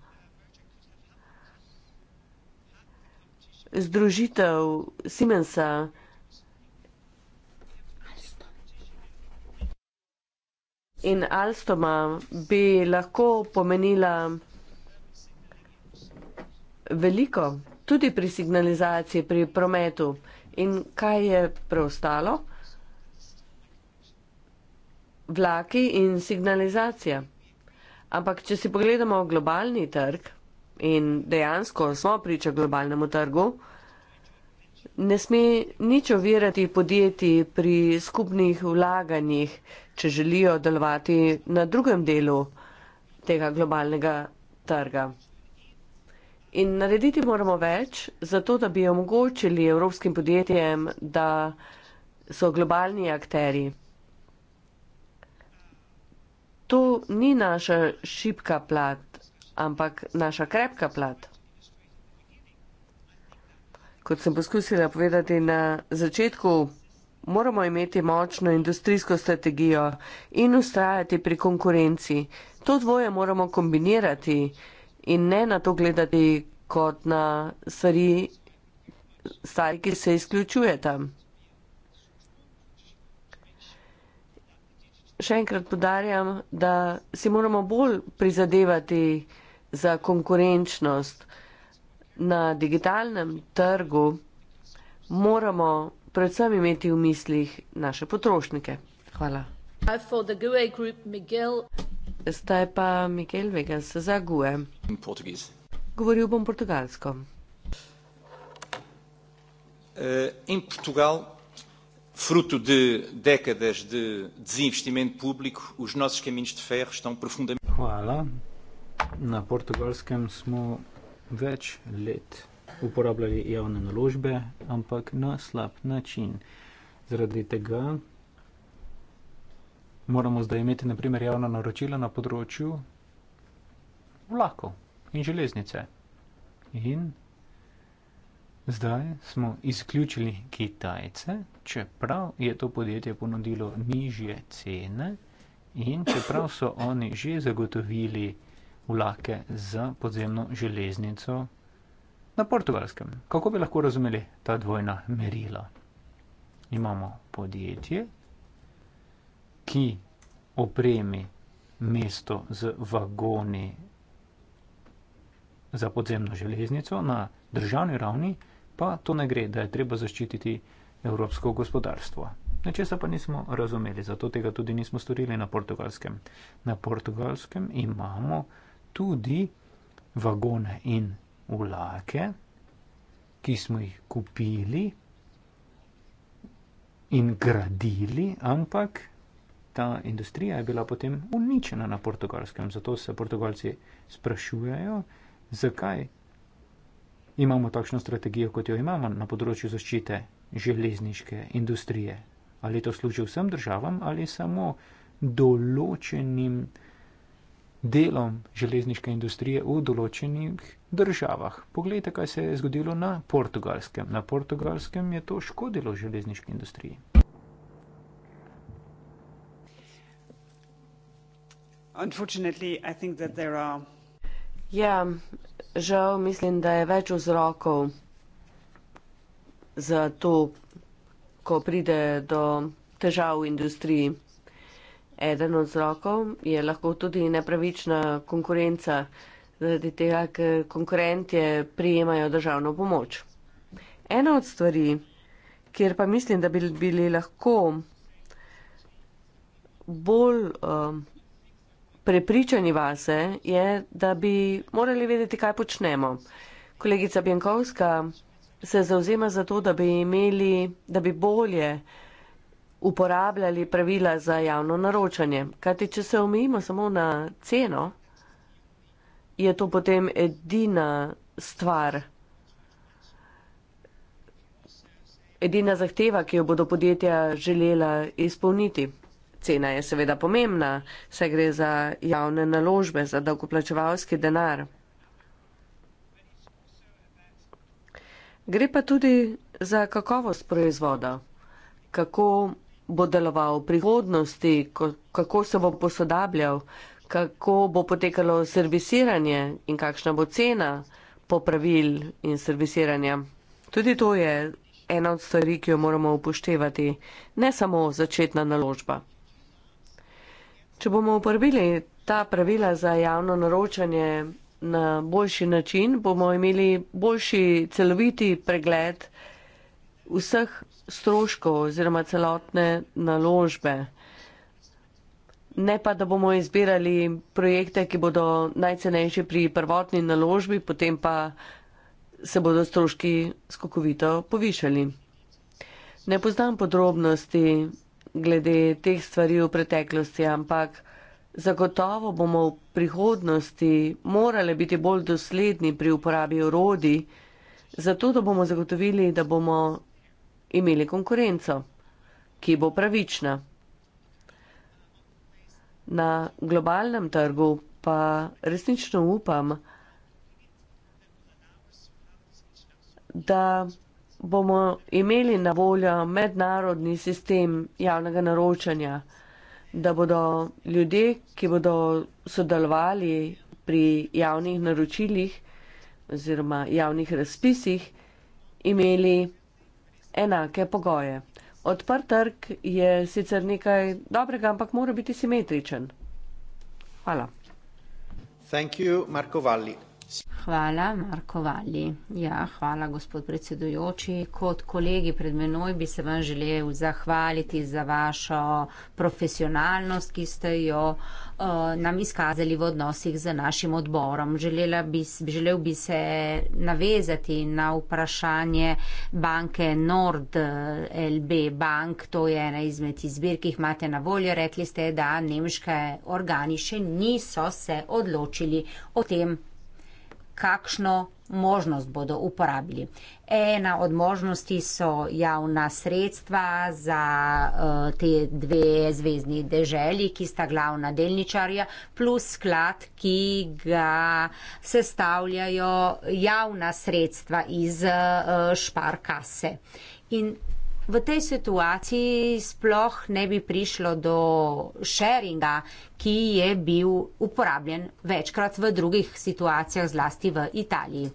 Združitev Siemensa in Alstoma bi lahko pomenila veliko, tudi pri signalizaciji, pri prometu. In kaj je preostalo? Vlaki in signalizacija. Ampak, če si pogledamo globalni trg in dejansko smo priča globalnemu trgu, ne sme nič ovirati podjetij pri skupnih vlaganjih, če želijo delovati na drugem delu tega globalnega trga. In narediti moramo več, zato da bi omogočili evropskim podjetjem, da so globalni akteri. To ni naša šipka plat, ampak naša krepka plat. Kot sem poskusila povedati na začetku, moramo imeti močno industrijsko strategijo in ustrajati pri konkurenci. To dvoje moramo kombinirati in ne na to gledati kot na stvari, stvari, ki se izključujeta. Še enkrat podarjam, da si moramo bolj prizadevati za konkurenčnost na digitalnem trgu, moramo predvsem imeti v mislih naše potrošnike. Hvala. Zdaj pa Miguel Vegas za Gue. Portugues. Govoril bom portugalsko. Uh, eh, in Portugal. Fruto de décadas de desinvestimento público, os nossos caminhos de ferro estão profundamente. Hvala. Na portugalskem smo več let uporabljali javne naložbe, ampak na slab način. Zaradi tega moramo zdaj imeti naprimer javna naročila na področju vlakov in železnice. In zdaj smo izključili Kitajce, čeprav je to podjetje ponudilo nižje cene in čeprav so oni že zagotovili vlake za podzemno železnico na portugalskem. Kako bi lahko razumeli ta dvojna merila? Imamo podjetje, ki opremi mesto z vagoni za podzemno železnico na državni ravni, pa to ne gre, da je treba zaščititi evropsko gospodarstvo. Nečesa pa nismo razumeli, zato tega tudi nismo storili na portugalskem. Na portugalskem imamo tudi vagone in vlake, ki smo jih kupili in gradili, ampak ta industrija je bila potem uničena na portugalskem. Zato se portugalci sprašujejo, zakaj imamo takšno strategijo, kot jo imamo na področju zaščite železniške industrije. Ali to služi vsem državam ali samo določenim delom železniške industrije v določenih državah. Poglejte, kaj se je zgodilo na portugalskem. Na portugalskem je to škodilo železniški industriji. Ja, žal mislim, da je več vzrokov za to, ko pride do težav v industriji. Eden od vzrokov je lahko tudi nepravična konkurenca, zaradi tega, ker konkurentje prijemajo državno pomoč. Ena od stvari, kjer pa mislim, da bi bili lahko bolj. Um, prepričani vase je, da bi morali vedeti, kaj počnemo. Kolegica Bjankovska se zauzema za to, da bi imeli, da bi bolje uporabljali pravila za javno naročanje. Kajti, če se omejimo samo na ceno, je to potem edina stvar, edina zahteva, ki jo bodo podjetja želela izpolniti. Cena je seveda pomembna, saj gre za javne naložbe, za dolgoplačevalski denar. Gre pa tudi za kakovost proizvoda, kako bo deloval v prihodnosti, kako se bo posodabljal, kako bo potekalo servisiranje in kakšna bo cena popravil in servisiranja. Tudi to je ena od stvari, ki jo moramo upoštevati, ne samo začetna naložba. Če bomo uporabili ta pravila za javno naročanje na boljši način, bomo imeli boljši celoviti pregled vseh stroškov oziroma celotne naložbe. Ne pa, da bomo izbirali projekte, ki bodo najcenejši pri prvotni naložbi, potem pa se bodo stroški skokovito povišali. Ne poznam podrobnosti glede teh stvari v preteklosti, ampak zagotovo bomo v prihodnosti morali biti bolj dosledni pri uporabi orodi, zato da bomo zagotovili, da bomo imeli konkurenco, ki bo pravična. Na globalnem trgu pa resnično upam, da bomo imeli na voljo mednarodni sistem javnega naročanja, da bodo ljudje, ki bodo sodelovali pri javnih naročilih oziroma javnih razpisih, imeli enake pogoje. Odprt trg je sicer nekaj dobrega, ampak mora biti simetričen. Hvala. Thank you, Marco Valli. Hvala, Marko Vali. Ja, hvala, gospod predsedujoči. Kot kolegi pred menoj bi se vam želel zahvaliti za vašo profesionalnost, ki ste jo uh, nam izkazali v odnosih z našim odborom. Bi, želel bi se navezati na vprašanje banke Nord eh, LB Bank. To je ena izmed izbir, ki jih imate na voljo. Rekli ste, da nemške organi še niso se odločili o tem kakšno možnost bodo uporabili. Ena od možnosti so javna sredstva za uh, te dve zvezdni deželi, ki sta glavna delničarja, plus sklad, ki ga sestavljajo javna sredstva iz uh, šparkase. In v tej situaciji sploh ne bi prišlo do sharinga, ki je bil uporabljen večkrat v drugih situacijah, zlasti v Italiji.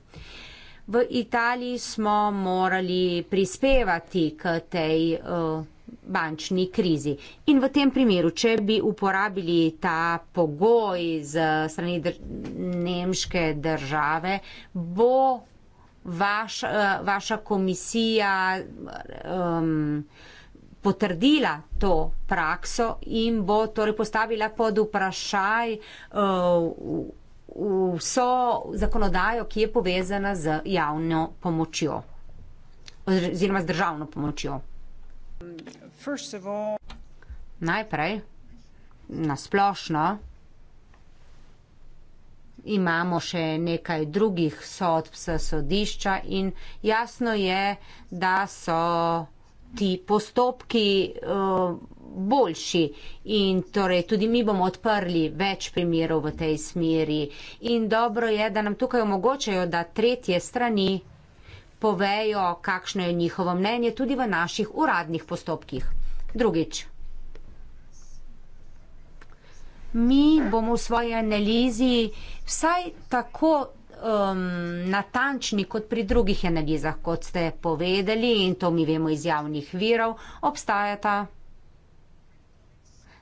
V Italiji smo morali prispevati k tej uh, bančni krizi. In v tem primeru, če bi uporabili ta pogoj z strani dr nemške države, bo vaš, eh, vaša komisija um, potrdila to prakso in bo torej postavila pod vprašaj uh, vso zakonodajo, ki je povezana z javno pomočjo oziroma z državno pomočjo. All... Najprej, nasplošno imamo še nekaj drugih sodb s sodišča in jasno je, da so ti postopki eh, boljši in torej tudi mi bomo odprli več primerov v tej smeri in dobro je, da nam tukaj omogočajo, da tretje strani povejo, kakšno je njihovo mnenje tudi v naših uradnih postopkih. Drugič mi bomo v svoji analizi vsaj tako um, natančni kot pri drugih analizah, kot ste povedali in to mi vemo iz javnih virov, obstajata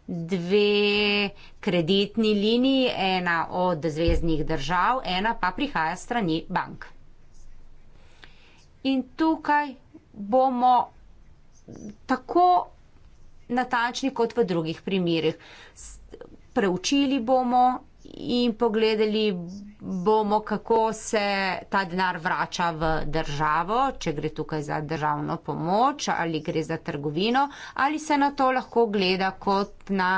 dve kreditni liniji, ena od zvezdnih držav, ena pa prihaja strani bank. In tukaj bomo tako natančni kot v drugih primerih. S preučili bomo in pogledali bomo, kako se ta denar vrača v državo, če gre tukaj za državno pomoč ali gre za trgovino, ali se na to lahko gleda kot na,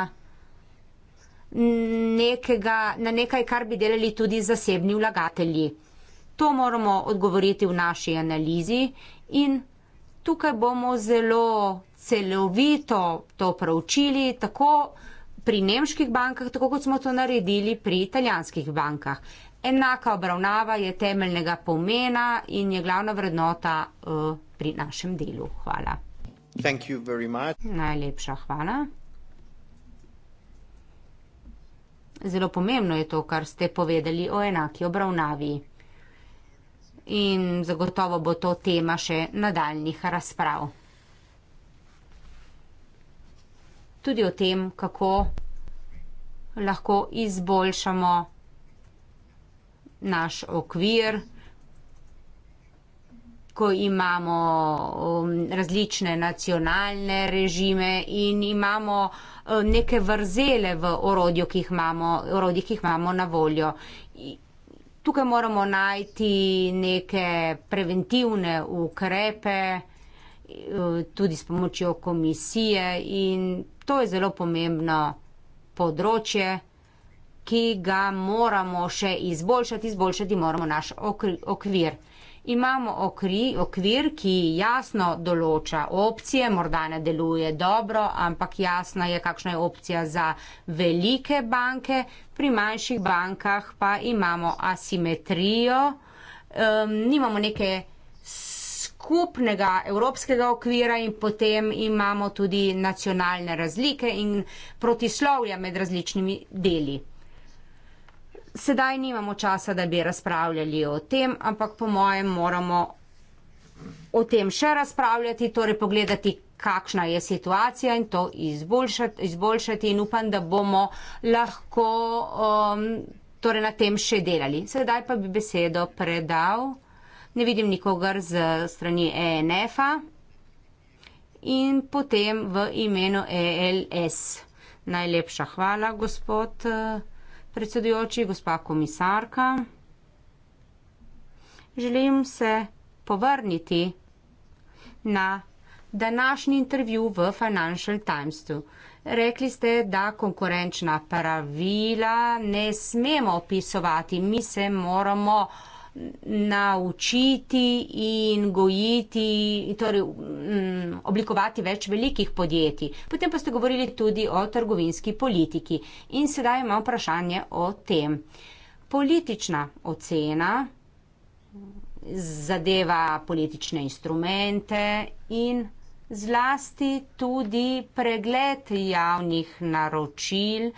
nekega, na nekaj, kar bi delali tudi zasebni vlagatelji. To moramo odgovoriti v naši analizi in tukaj bomo zelo celovito to preučili, tako pri nemških bankah, tako kot smo to naredili pri italijanskih bankah. Enaka obravnava je temeljnega pomena in je glavna vrednota uh, pri našem delu. Hvala. Najlepša hvala. Zelo pomembno je to, kar ste povedali o enaki obravnavi. In zagotovo bo to tema še nadaljnih razprav. tudi o tem, kako lahko izboljšamo naš okvir, ko imamo um, različne nacionalne režime in imamo uh, neke vrzele v orodju, ki jih imamo, orodji, ki jih imamo na voljo. Tukaj moramo najti neke preventivne ukrepe, Eh, tudi s pomočjo komisije in to je zelo pomembno področje, ki ga moramo še izboljšati, izboljšati moramo naš okvir. Imamo okri, okvir, ki jasno določa opcije, morda ne deluje dobro, ampak jasna je, kakšna je opcija za velike banke, pri manjših bankah pa imamo asimetrijo, um, nimamo neke skupnega evropskega okvira in potem imamo tudi nacionalne razlike in protislovja med različnimi deli. Sedaj nimamo časa, da bi razpravljali o tem, ampak po mojem moramo o tem še razpravljati, torej pogledati, kakšna je situacija in to izboljšati, izboljšati in upam, da bomo lahko um, torej na tem še delali. Sedaj pa bi besedo predal ne vidim nikogar z strani ENF-a in potem v imenu ELS. Najlepša hvala, gospod eh, predsedujoči, gospa komisarka. Želim se povrniti na današnji intervju v Financial Timesu. Rekli ste, da konkurenčna pravila ne smemo opisovati, mi se moramo naučiti in gojiti, torej mm, oblikovati več velikih podjetij. Potem pa ste govorili tudi o trgovinski politiki in sedaj imamo vprašanje o tem. Politična ocena zadeva politične instrumente in zlasti tudi pregled javnih naročil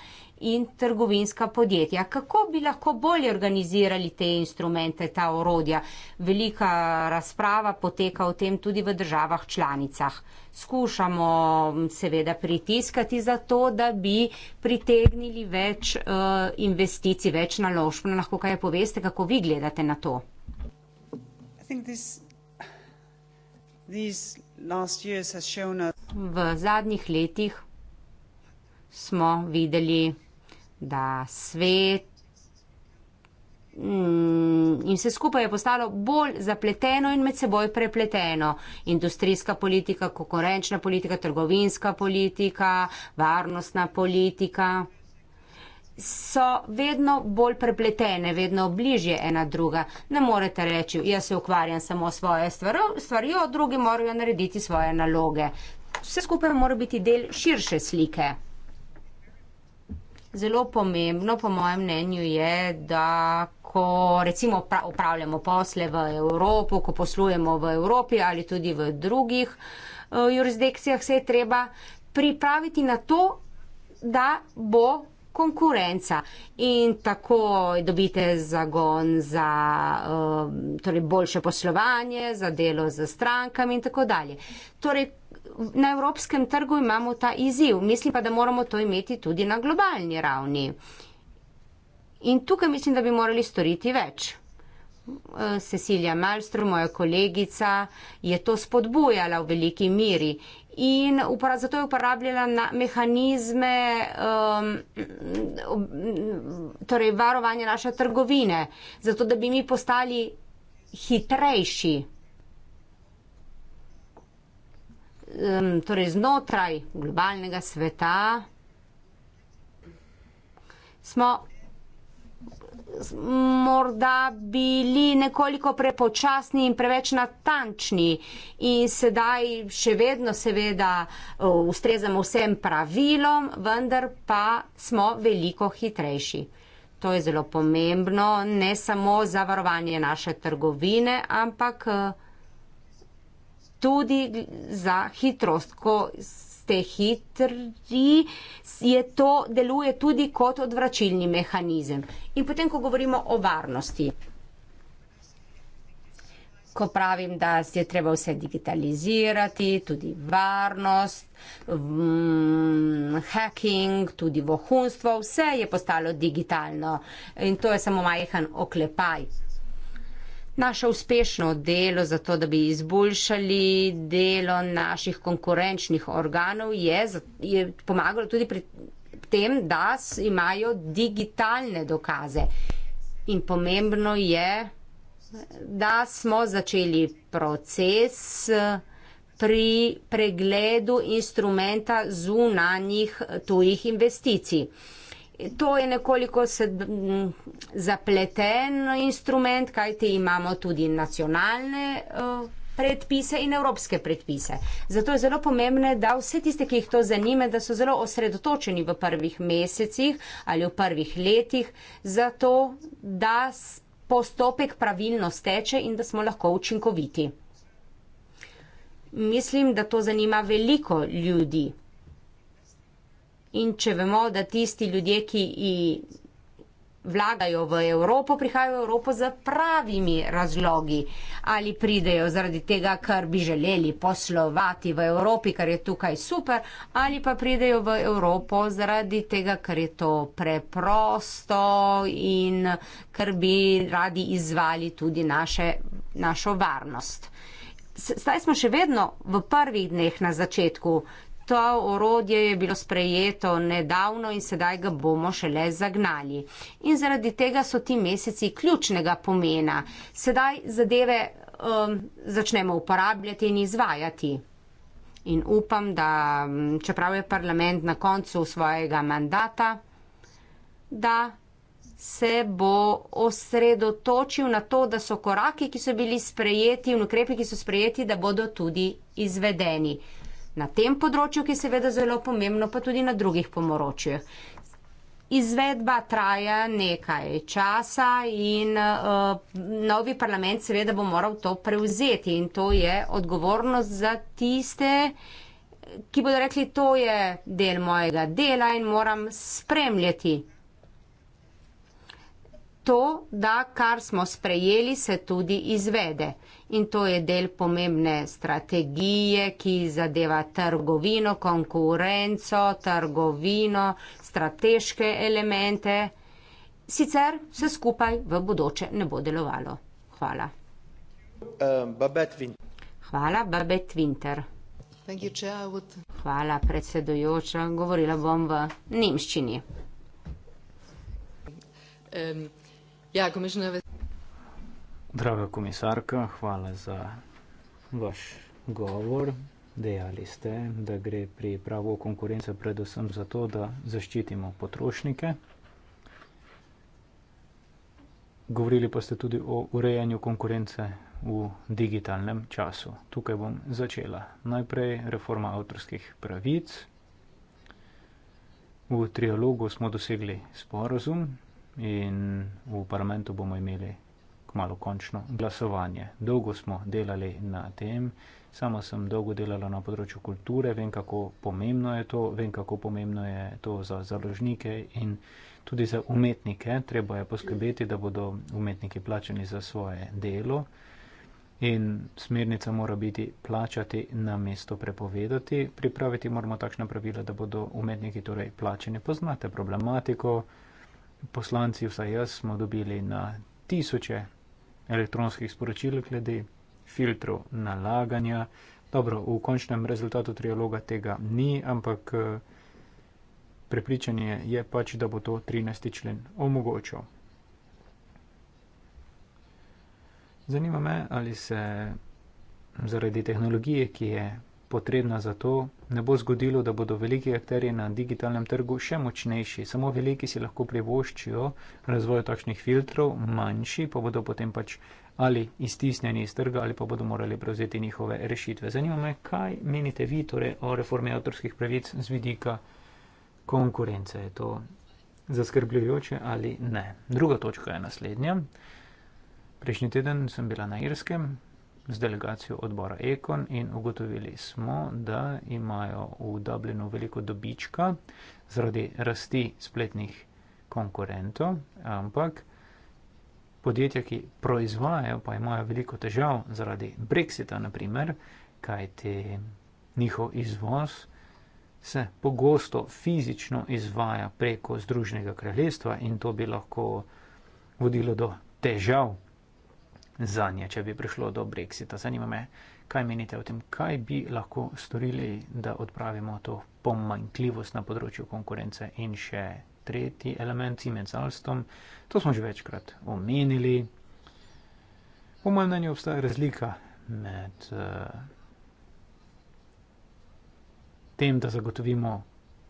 in trgovinska podjetja. Kako bi lahko bolje organizirali te instrumente, ta orodja? Velika razprava poteka o tem tudi v državah članicah. Skušamo mm, seveda pritiskati za to, da bi pritegnili več uh, investicij, več naložb. No, lahko kaj poveste, kako vi gledate na to? V zadnjih letih smo videli da svet mm, in vse skupaj je postalo bolj zapleteno in med seboj prepleteno. Industrijska politika, konkurenčna politika, trgovinska politika, varnostna politika so vedno bolj prepletene, vedno bližje ena druga. Ne morete reči, jaz se ukvarjam samo svoje stvarjo, drugi morajo narediti svoje naloge. Vse skupaj mora biti del širše slike zelo pomembno, po mojem mnenju, je, da ko recimo upravljamo posle v Evropo, ko poslujemo v Evropi ali tudi v drugih uh, jurisdikcijah, se je treba pripraviti na to, da bo konkurenca in tako dobite zagon za uh, torej boljše poslovanje, za delo z strankami in tako dalje. Torej, na evropskem trgu imamo ta izziv, mislim pa, da moramo to imeti tudi na globalni ravni. In tukaj mislim, da bi morali storiti več. Eh, Cecilija Malstrom, moja kolegica, je to spodbujala v veliki miri in upra, zato je uporabljala mehanizme um, torej varovanja naše trgovine, zato da bi mi postali hitrejši. um, torej znotraj globalnega sveta smo morda bili nekoliko prepočasni in preveč natančni in sedaj še vedno seveda e, ustrezamo vsem pravilom, vendar pa smo veliko hitrejši. To je zelo pomembno, ne samo za varovanje naše trgovine, ampak uh, tudi za hitrost. Ko ste hitri, to deluje tudi kot odvračilni mehanizem. In potem, ko govorimo o varnosti. Ko pravim, da je treba vse digitalizirati, tudi varnost, mm, hacking, tudi vohunstvo, vse je postalo digitalno in to je samo majhen oklepaj naše uspešno delo za to, da bi izboljšali delo naših konkurenčnih organov, je, je pomagalo tudi pri tem, da imajo digitalne dokaze. In pomembno je, da smo začeli proces pri pregledu instrumenta zunanjih tujih investicij. To je nekoliko zapleten instrument, kajti imamo tudi nacionalne e, predpise in evropske predpise. Zato je zelo pomembno, da vse tiste, ki jih to zanime, da so zelo osredotočeni v prvih mesecih ali v prvih letih, zato da postopek pravilno steče in da smo lahko učinkoviti. Mislim, da to zanima veliko ljudi. In če vemo, da tisti ljudje, ki vlagajo v Evropo, prihajajo v Evropo z pravimi razlogi ali pridejo zaradi tega, ker bi želeli poslovati v Evropi, kar je tukaj super, ali pa pridejo v Evropo zaradi tega, ker je to preprosto in ker bi radi izvali tudi naše, našo varnost. Zdaj smo še vedno v prvih dneh na začetku to orodje je bilo sprejeto nedavno in sedaj ga bomo šele zagnali. In zaradi tega so ti meseci ključnega pomena. Sedaj zadeve um, začnemo uporabljati in izvajati. In upam, da um, čeprav je parlament na koncu svojega mandata, da se bo osredotočil na to, da so koraki, ki so bili sprejeti in ukrepi, ki so sprejeti, da bodo tudi izvedeni na tem področju, ki je seveda zelo pomembno, pa tudi na drugih pomoročjih. Izvedba traja nekaj časa in uh, novi parlament seveda bo moral to prevzeti in to je odgovornost za tiste, ki bodo rekli, to je del mojega dela in moram spremljati to, da kar smo sprejeli, se tudi izvede in to je del pomembne strategije, ki zadeva trgovino, konkurenco, trgovino, strateške elemente. Sicer vse skupaj v bodoče ne bo delovalo. Hvala. Um, Hvala, Babet Winter. Hvala, predsedujoča. Govorila bom v nemščini. Um, ja, Draga komisarka, hvala za vaš govor. Dejali ste, da gre pri pravu konkurence predvsem za to, da zaščitimo potrošnike. Govorili pa ste tudi o urejanju konkurence v digitalnem času. Tukaj bom začela. Najprej reforma avtorskih pravic. V trialogu smo dosegli sporozum in v parlamentu bomo imeli kmalo končno glasovanje. Dolgo smo delali na tem, sama sem dolgo delala na področju kulture, vem kako pomembno je to, vem kako pomembno je to za založnike in tudi za umetnike. Treba je poskrbeti, da bodo umetniki plačeni za svoje delo. In smernica mora biti plačati na mesto prepovedati. Pripraviti moramo takšna pravila, da bodo umetniki torej plačeni. Poznate problematiko. Poslanci, vsaj jaz, smo dobili na tisoče elektronskih sporočil glede filtrov nalaganja. Dobro, v končnem rezultatu trialoga tega ni, ampak eh, prepričanje je pač, da bo to 13. člen omogočil. Zanima me, ali se zaradi tehnologije, ki je potrebna za to, ne bo zgodilo, da bodo veliki akteri na digitalnem trgu še močnejši. Samo veliki si lahko privoščijo razvoj takšnih filtrov, manjši pa bodo potem pač ali iztisnjeni iz trga ali pa bodo morali prevzeti njihove rešitve. Zanima me, kaj menite vi torej o reformi avtorskih pravic z vidika konkurence. Je to zaskrbljujoče ali ne? Druga točka je naslednja. Prejšnji teden sem bila na Irskem, z delegacijo odbora Ekon in ugotovili smo, da imajo v Dublinu veliko dobička zaradi rasti spletnih konkurentov, ampak podjetja, ki proizvajajo, pa imajo veliko težav zaradi Brexita, naprimer, kajti njihov izvoz se pogosto fizično izvaja preko Združenega kraljestva in to bi lahko vodilo do težav za nje, če bi prišlo do brexita. Zanima me, kaj menite o tem, kaj bi lahko storili, da odpravimo to pomankljivost na področju konkurence in še tretji element med zalstom. To smo že večkrat omenili. Po mojem mnenju obstaja razlika med uh, tem, da zagotovimo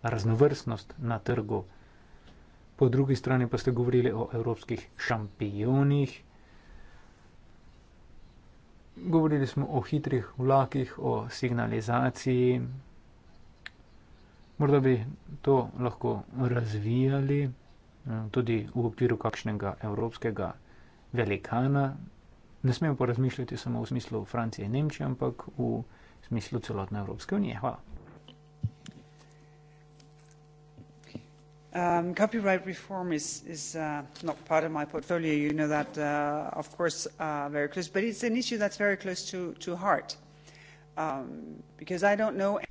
raznovrstnost na trgu, po drugi strani pa ste govorili o evropskih šampionih. Govorili smo o hitrih vlakih, o signalizaciji. Morda bi to lahko razvijali eh, tudi v okviru kakšnega evropskega velikana. Ne smemo pa razmišljati samo v smislu Francije in Nemčije, ampak v smislu celotne Evropske unije. Hvala. Um, copyright reform is, is uh, not part of my portfolio. You know that, uh, of course, uh, very close. But it's an issue that's very close to, to heart. Um,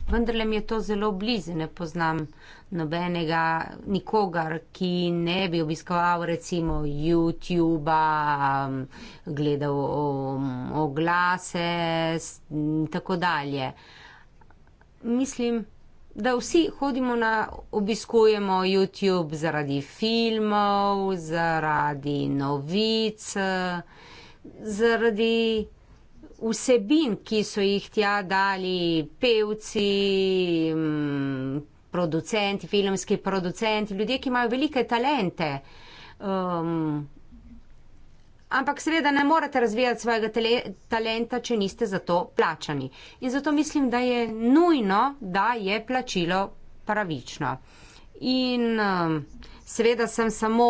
Vendarle mi je to zelo blizu, ne poznam nobenega, nikogar, ki ne bi obiskoval recimo YouTube, um, gledal um, oglase in tako dalje. Mislim, da vsi hodimo na obiskujemo YouTube zaradi filmov, zaradi novic, zaradi vsebin, ki so jih tja dali pevci, mm, producenti, filmski producenti, ljudje, ki imajo velike talente. Um, Ampak seveda ne morete razvijati svojega tele, talenta, če niste za to plačani. In zato mislim, da je nujno, da je plačilo pravično. In um, seveda sem samo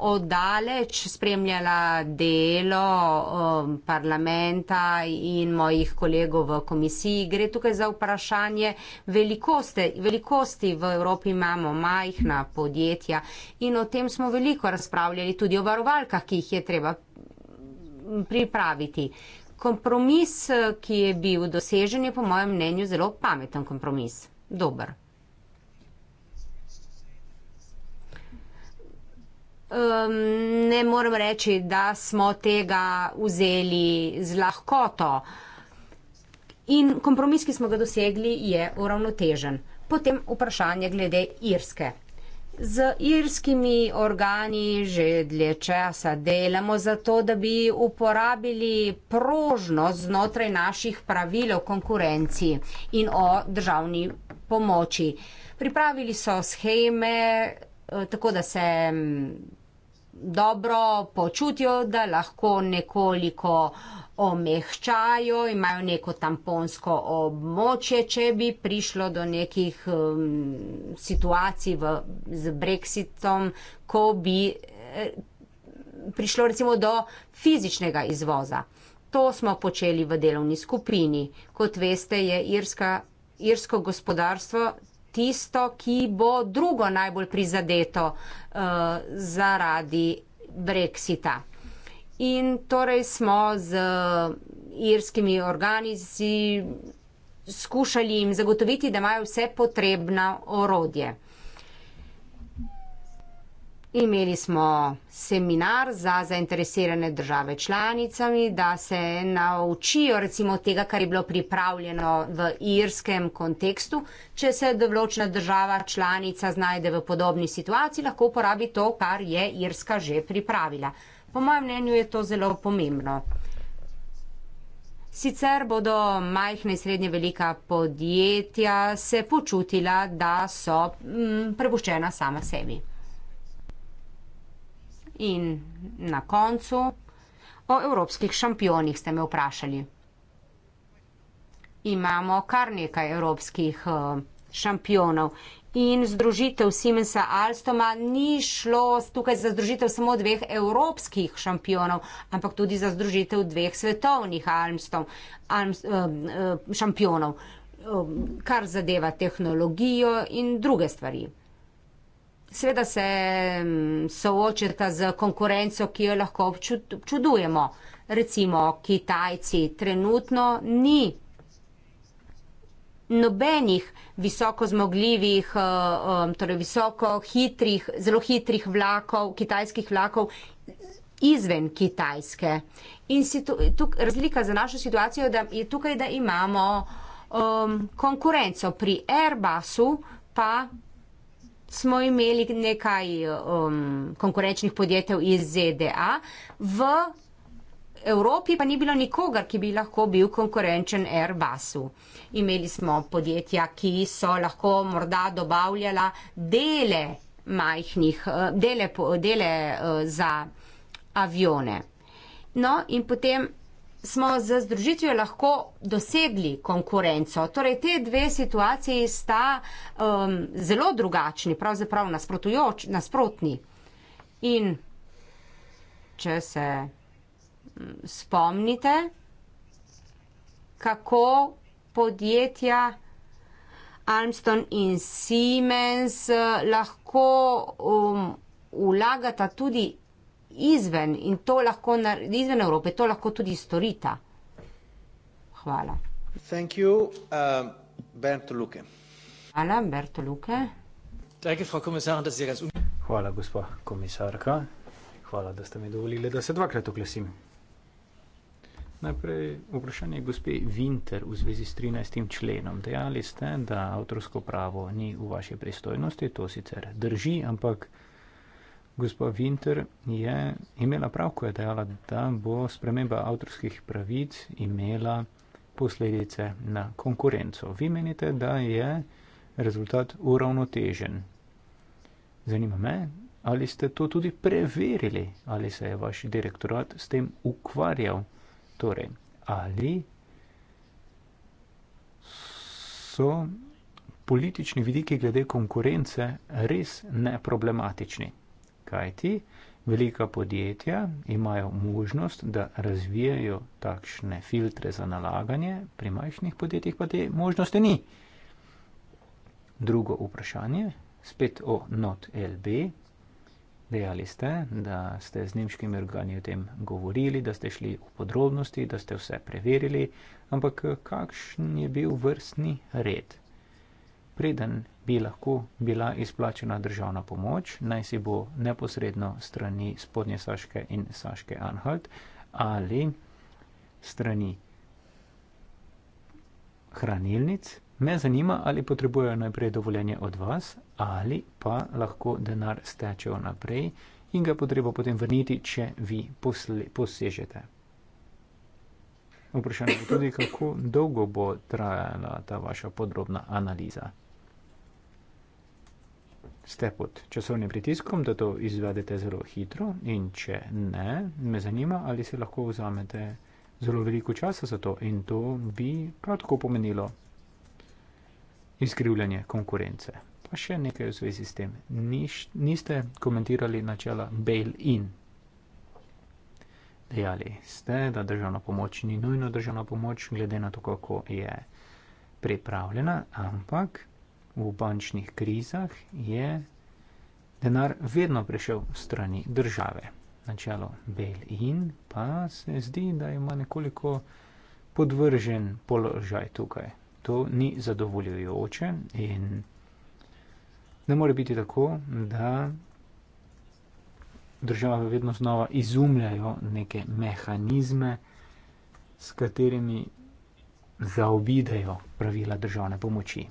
odaleč spremljala delo um, parlamenta in mojih kolegov v komisiji. Gre tukaj za vprašanje velikosti. Velikosti v Evropi imamo majhna podjetja in o tem smo veliko razpravljali, tudi o varovalkah, ki jih je treba pripraviti. Kompromis, ki je bil dosežen, je po mojem mnenju zelo pameten kompromis. Dober. Um, ne moram reči, da smo tega vzeli z lahkoto. In kompromis, ki smo ga dosegli, je uravnotežen. Potem vprašanje glede Irske. Z irskimi organi že dlje časa delamo zato, da bi uporabili prožnost znotraj naših pravil o konkurenci in o državni pomoči. Pripravili so scheme, eh, tako da se dobro počutijo, da lahko nekoliko omehčajo, imajo neko tamponsko območje, če bi prišlo do nekih um, situacij v, z Brexitom, ko bi eh, prišlo recimo do fizičnega izvoza. To smo počeli v delovni skupini. Kot veste, je irska, irsko gospodarstvo tisto, ki bo drugo najbolj prizadeto uh, zaradi brexita. In torej smo z irskimi organi skušali jim zagotoviti, da imajo vse potrebno orodje. Imeli smo seminar za zainteresirane države članicami, da se naučijo recimo tega, kar je bilo pripravljeno v irskem kontekstu. Če se določena država članica znajde v podobni situaciji, lahko uporabi to, kar je irska že pripravila. Po mojem mnenju je to zelo pomembno. Sicer bodo majhna in srednje velika podjetja se počutila, da so mm, prepuščena sama sebi. In na koncu o evropskih šampionih ste me vprašali. Imamo kar nekaj evropskih eh, šampionov. In združitev Simensa Alstoma ni šlo tukaj za združitev samo dveh evropskih šampionov, ampak tudi za združitev dveh svetovnih Almstom, Almst, eh, eh, šampionov, kar zadeva tehnologijo in druge stvari. Sveda se mm, soočita z konkurenco, ki jo lahko občudujemo. Recimo Kitajci trenutno ni nobenih visoko zmogljivih, eh, eh, torej visoko hitrih, zelo hitrih vlakov, kitajskih vlakov izven Kitajske. In tuk, razlika za našo situacijo da je tukaj, da imamo um, konkurenco pri Airbusu, pa smo imeli nekaj um, konkurenčnih podjetij iz ZDA, v Evropi pa ni bilo nikogar, ki bi lahko bil konkurenčen Airbusu. Imeli smo podjetja, ki so lahko morda dobavljala dele majhnih, eh, dele, dele eh, za avione. No, in potem smo z združitvijo lahko dosegli konkurenco. Torej, te dve situaciji sta um, zelo drugačni, pravzaprav nasprotujoč, nasprotni. In če se mm, spomnite, kako podjetja Armstrong in Siemens eh, lahko um, vlagata tudi izven, lahko, izven Evrope to lahko tudi storita. Hvala. You, uh, Hvala, Berto Luke. Hvala, gospa komisarka. Hvala, da ste mi dovolili, da se dvakrat oglasim. Najprej vprašanje gospe Winter v zvezi s 13. členom. Dejali ste, da avtorsko pravo ni v vaši pristojnosti, to sicer drži, ampak. Gospa Winter je imela prav, ko je dejala, da bo sprememba avtorskih pravic imela posledice na konkurenco. Vi menite, da je rezultat uravnotežen. Zanima me, ali ste to tudi preverili, ali se je vaš direktorat s tem ukvarjal. Torej, ali so politični vidiki glede konkurence res neproblematični kajti velika podjetja imajo možnost, da razvijajo takšne filtre za nalaganje, pri majhnih podjetjih pa te možnosti ni. Drugo vprašanje, spet o NotLB. Dejali ste, da ste z nemškimi organi o tem govorili, da ste šli v podrobnosti, da ste vse preverili, ampak kakšen je bil vrstni red? Preden bi lahko bila izplačena državna pomoč, naj si bo neposredno strani Spodnje Saške in Saške Anhalt ali strani hranilnic. Me zanima, ali potrebujejo najprej dovoljenje od vas ali pa lahko denar stečejo naprej in ga potrebo potem vrniti, če vi posle, posežete. Vprašanje je tudi, kako dolgo bo trajala ta vaša podrobna analiza ste pod časovnim pritiskom, da to izvedete zelo hitro in če ne, me zanima, ali se lahko vzamete zelo veliko časa za to in to bi prav tako pomenilo izkrivljanje konkurence. Pa še nekaj v zvezi s tem. Niš, niste komentirali načela bail-in. Dejali ste, da državna pomoč ni nujno državna pomoč, glede na to, kako je pripravljena, ampak v bančnih krizah, je denar vedno prišel strani države. Načelo Bail-in pa se zdi, da ima nekoliko podvržen položaj tukaj. To ni zadovoljujoče in ne more biti tako, da države vedno znova izumljajo neke mehanizme, s katerimi zaobidejo pravila državne pomoči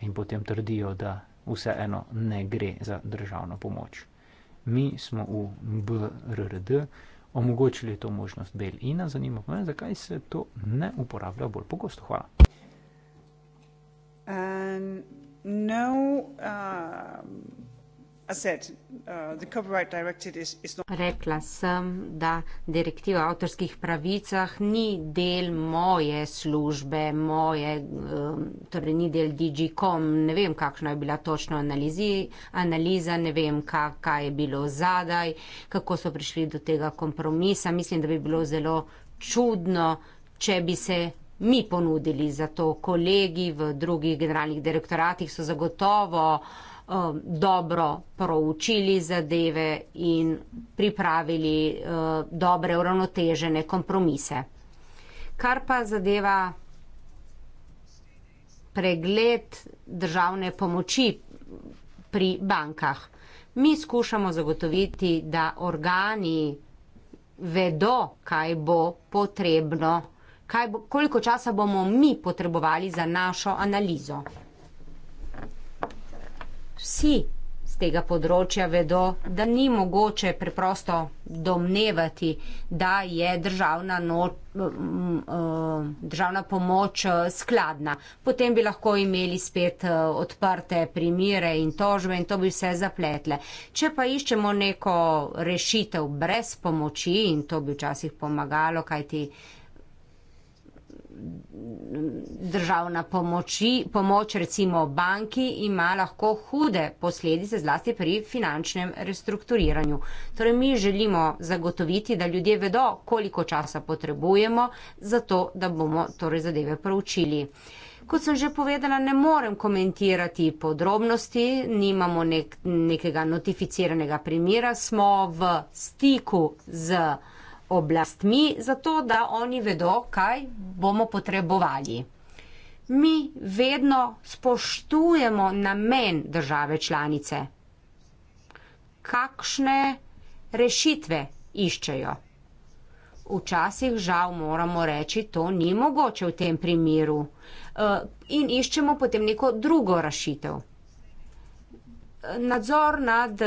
in potem trdijo, da vseeno ne gre za državno pomoč. Mi smo v BRRD omogočili to možnost bel in nas zanima, me, zakaj se to ne uporablja bolj pogosto. Hvala. Um, no, uh... Uh, Rekla sem, da direktiva o avtorskih pravicah ni del moje službe, moje, um, torej ni del DigiCom. Ne vem, kakšna je bila točno analizi, analiza, ne vem, kaj je bilo zadaj, kako so prišli do tega kompromisa. Mislim, da bi bilo zelo čudno, če bi se. Mi ponudili za to kolegi v drugih generalnih direktoratih so zagotovo uh, um, dobro proučili zadeve in pripravili uh, dobre, uravnotežene kompromise. Kar pa zadeva pregled državne pomoči pri bankah. Mi skušamo zagotoviti, da organi vedo, kaj bo potrebno, kaj bo, koliko časa bomo mi potrebovali za našo analizo vsi z tega področja vedo, da ni mogoče preprosto domnevati, da je državna, no, eh, državna pomoč eh, skladna. Potem bi lahko imeli spet eh, odprte primire in tožbe in to bi vse zapletle. Če pa iščemo neko rešitev brez pomoči in to bi včasih pomagalo, kaj ti državna pomoči, pomoč recimo banki ima lahko hude posledice zlasti pri finančnem restrukturiranju. Torej mi želimo zagotoviti, da ljudje vedo, koliko časa potrebujemo za to, da bomo torej zadeve proučili. Kot sem že povedala, ne morem komentirati podrobnosti, nimamo nek, nekega notificiranega primera, smo v stiku z oblastmi, zato da oni vedo, kaj bomo potrebovali. Mi vedno spoštujemo namen države članice, kakšne rešitve iščejo. Včasih, žal, moramo reči, to ni mogoče v tem primeru e, in iščemo potem neko drugo rešitev. Nadzor nad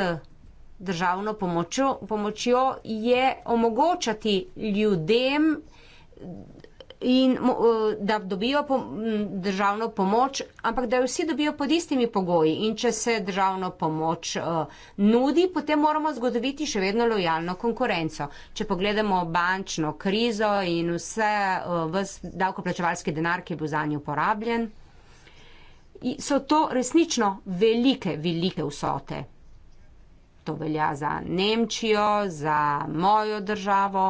državno pomočjo, pomočjo je omogočati ljudem, in, eh, da dobijo državno pomoč, ampak da jo vsi dobijo pod istimi pogoji. In če se državno pomoč eh, nudi, potem moramo zgodoviti še vedno lojalno konkurenco. Če pogledamo bančno krizo in vse eh, davkoplačevalski denar, ki je bil za njo porabljen. So to resnično velike, velike vsote. To velja za Nemčijo, za mojo državo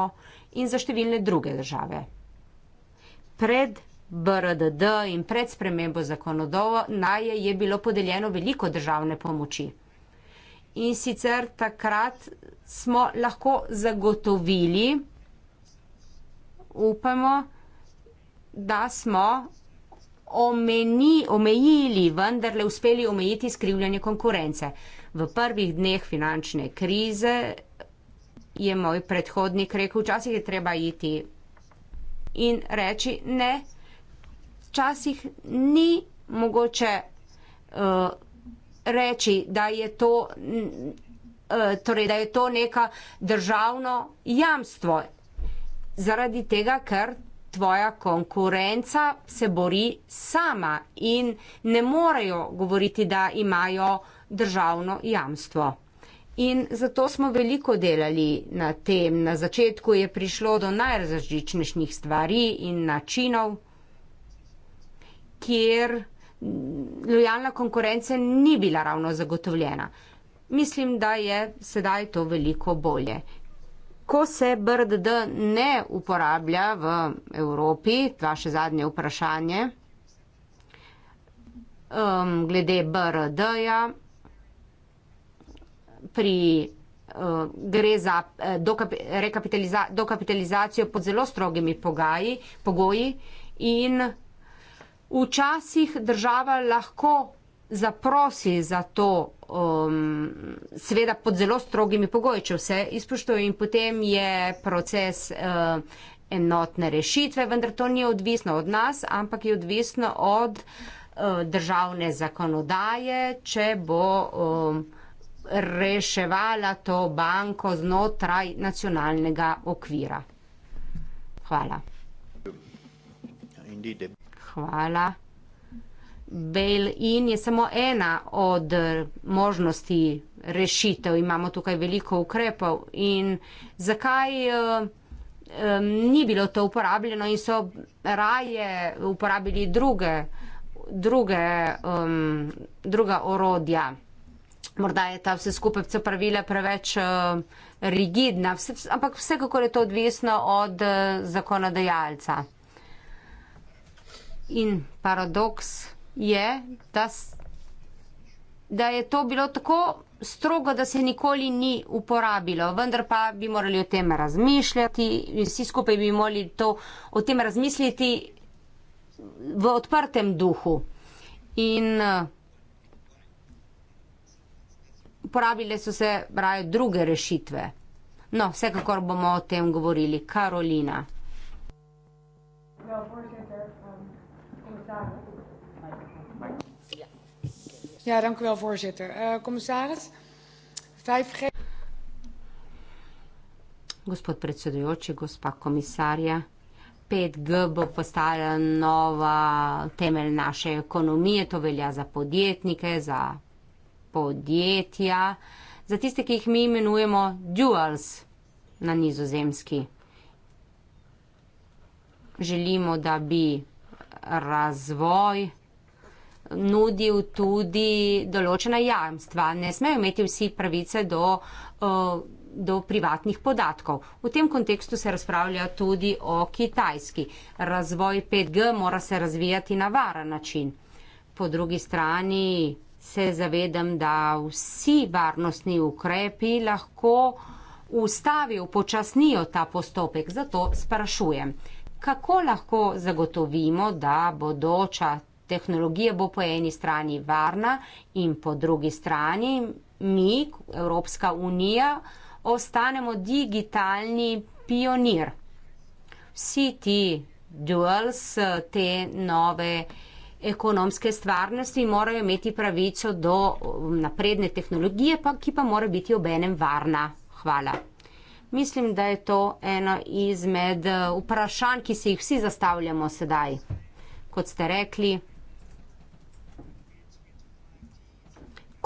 in za številne druge države. Pred BRDD in pred spremembo zakonodaje je bilo podeljeno veliko državne pomoči. In sicer takrat smo lahko zagotovili, upamo, da smo omeni, omejili, vendarle uspeli omejiti skrivljanje konkurence v prvih dneh finančne krize je moj predhodnik rekel, včasih je treba iti in reči ne, včasih ni mogoče uh, reči, da je to. Eh, torej, da je to neka državno jamstvo, zaradi tega, ker tvoja konkurenca se bori sama in ne morejo govoriti, da imajo državno jamstvo. In zato smo veliko delali na tem. Na začetku je prišlo do najrazličnejših stvari in načinov, kjer lojalna konkurenca ni bila ravno zagotovljena. Mislim, da je sedaj to veliko bolje ko se BRDD ne uporablja v Evropi, vaše zadnje vprašanje, um, glede BRDD-ja, pri uh, gre za eh, dokapitaliza, dokapitalizacijo pod zelo strogimi pogaji, pogoji in včasih država lahko zaprosi za to, um, seveda pod zelo strogimi pogoji, če vse izpoštuje in potem je proces uh, enotne rešitve, vendar to ni odvisno od nas, ampak je odvisno od uh, državne zakonodaje, če bo um, reševala to banko znotraj nacionalnega okvira. Hvala. Hvala bail-in je samo ena od eh, možnosti rešitev. Imamo tukaj veliko ukrepov in zakaj um, ni bilo to uporabljeno in so raje uporabili druge, druge, um, druga orodja. Morda je ta vse skupaj pravila preveč uh, rigidna, vse, ampak vsekakor je to odvisno od uh, zakonodajalca. In paradoks je, da, da je to bilo tako strogo, da se nikoli ni uporabilo, vendar pa bi morali o tem razmišljati in vsi skupaj bi morali to, o tem razmisliti v odprtem duhu. In eh, uporabile so se raje druge rešitve. No, vsekakor bomo o tem govorili. Karolina. No, Ja, dank u wel, voorzitter. Uh, commissaris, 5G. Gospod predsedujoči, gospa komisarja, 5G bo postala nova temelj naše ekonomije, to velja za podjetnike, za podjetja, za tiste, ki jih mi imenujemo duals na nizozemski. Želimo, da bi razvoj nudil tudi določena jamstva. Ne smejo imeti vsi pravice do, eh, do privatnih podatkov. V tem kontekstu se razpravlja tudi o kitajski. Razvoj 5G mora se razvijati na varen način. Po drugi strani se zavedam, da vsi varnostni ukrepi lahko ustavijo, počasnijo ta postopek. Zato sprašujem, kako lahko zagotovimo, da bodoča tehnologija bo po eni strani varna in po drugi strani mi, Evropska unija, ostanemo digitalni pionir. Vsi ti duels, te nove ekonomske stvarnosti morajo imeti pravico do um, napredne tehnologije, pa, ki pa mora biti obenem varna. Hvala. Mislim, da je to eno izmed uh, vprašanj, ki se jih vsi zastavljamo sedaj. Kot ste rekli,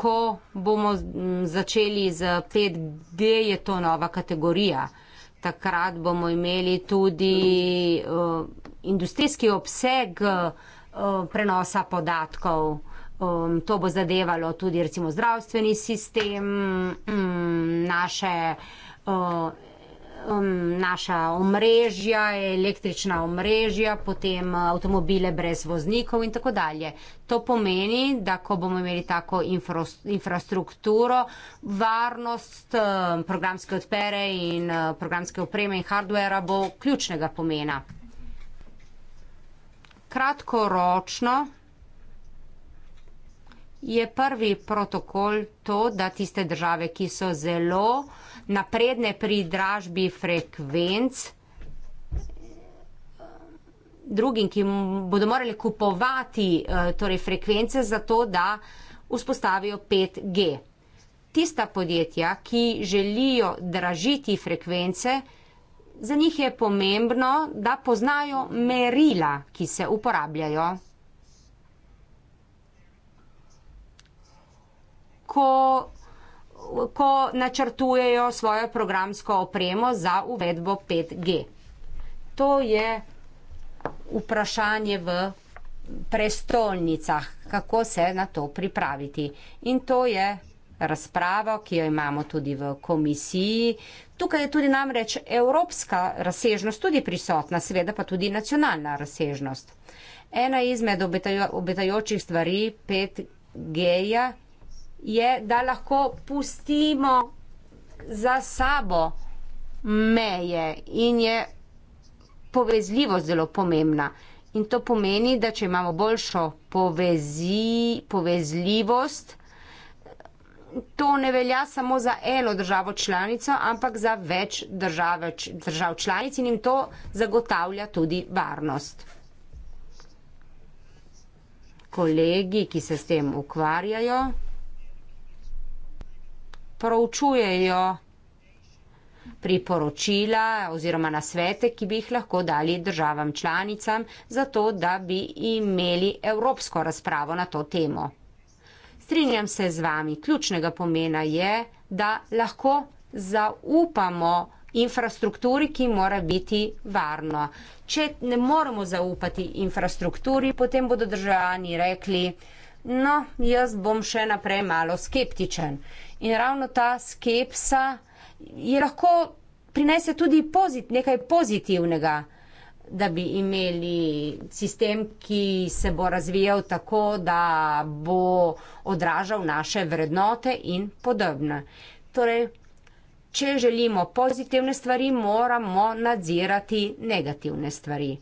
ko bomo začeli z 5G, je to nova kategorija. Takrat bomo imeli tudi uh, industrijski obseg uh, prenosa podatkov. Um, to bo zadevalo tudi recimo zdravstveni sistem, um, naše uh, um, naša omrežja, električna omrežja, potem uh, avtomobile brez voznikov in tako dalje. To pomeni, da ko bomo imeli tako infros, infrastrukturo, varnost um, programske odpere in uh, programske opreme in hardvera bo ključnega pomena. Kratkoročno je prvi protokol to, da tiste države, ki so zelo napredne pri dražbi frekvenc, drugim, ki bodo morali kupovati eh, torej frekvence za to, da vzpostavijo 5G. Tista podjetja, ki želijo dražiti frekvence, za njih je pomembno, da poznajo merila, ki se uporabljajo. ko, ko načrtujejo svojo programsko opremo za uvedbo 5G. To je vprašanje v prestolnicah, kako se na to pripraviti. In to je razpravo, ki jo imamo tudi v komisiji. Tukaj je tudi namreč evropska razsežnost tudi prisotna, seveda pa tudi nacionalna razsežnost. Ena izmed obetajo, obetajočih stvari 5G-ja je, da lahko pustimo za sabo meje in je povezljivo zelo pomembna. In to pomeni, da če imamo boljšo povezi, povezljivost, to ne velja samo za eno državo članico, ampak za več države, držav članic in jim to zagotavlja tudi varnost. Kolegi, ki se s tem ukvarjajo, proučujejo priporočila oziroma nasvete, ki bi jih lahko dali državam članicam, zato da bi imeli evropsko razpravo na to temo. Strinjam se z vami, ključnega pomena je, da lahko zaupamo infrastrukturi, ki mora biti varno. Če ne moremo zaupati infrastrukturi, potem bodo državljani rekli, no, jaz bom še naprej malo skeptičen. In ravno ta skepsa je lahko prinese tudi pozit, nekaj pozitivnega, da bi imeli sistem, ki se bo razvijal tako, da bo odražal naše vrednote in podobno. Torej, če želimo pozitivne stvari, moramo nadzirati negativne stvari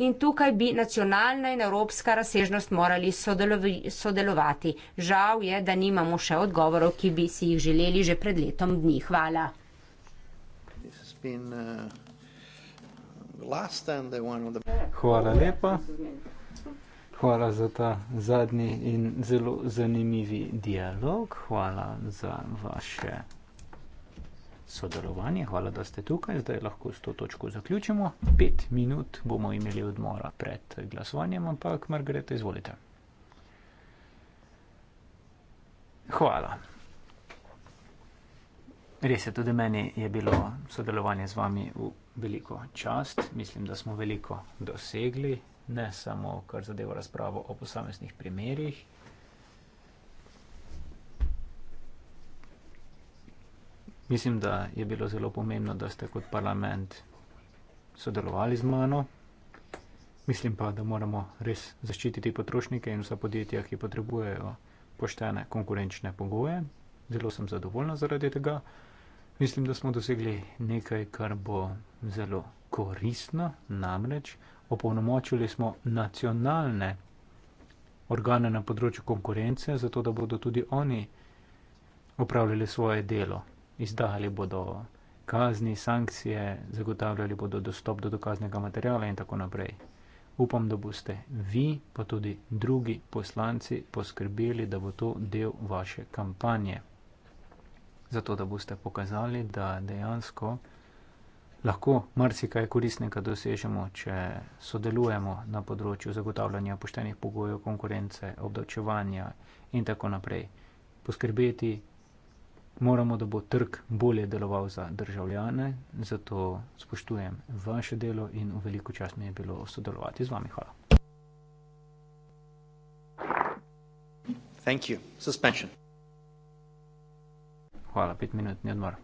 in tukaj bi nacionalna in evropska razsežnost morali sodelovi, sodelovati. Žal je, da nimamo še odgovorov, ki bi si jih želeli že pred letom dni. Hvala. Uh, Hvala lepa. Hvala za ta zadnji in zelo zanimivi dialog. Hvala za vaše sodelovanje. Hvala, da ste tukaj. Zdaj lahko s to točko zaključimo. Pet minut bomo imeli odmora pred glasovanjem, ampak Margareta, izvolite. Hvala. Res je, tudi meni je bilo sodelovanje z vami v veliko čast. Mislim, da smo veliko dosegli, ne samo kar zadeva razpravo o posameznih primerjih. Mislim, da je bilo zelo pomembno, da ste kot parlament sodelovali z mano. Mislim pa, da moramo res zaščititi potrošnike in vsa podjetja, ki potrebujejo poštene konkurenčne pogoje. Zelo sem zadovoljna zaradi tega. Mislim, da smo dosegli nekaj, kar bo zelo koristno, namreč opolnomočili smo nacionalne organe na področju konkurence, zato da bodo tudi oni opravljali svoje delo izdajali bodo kazni, sankcije, zagotavljali bodo dostop do dokaznega materijala in tako naprej. Upam, da boste vi, pa tudi drugi poslanci, poskrbeli, da bo to del vaše kampanje. Zato, da boste pokazali, da dejansko lahko marsikaj koristnega dosežemo, če sodelujemo na področju zagotavljanja poštenih pogojev konkurence, obdavčevanja in tako naprej. Poskrbeti moramo, da bo trg bolje deloval za državljane, zato spoštujem vaše delo in v veliko čast mi je bilo sodelovati z vami. Hvala. Thank you. Suspension. Hvala, pet minut, ne odmor.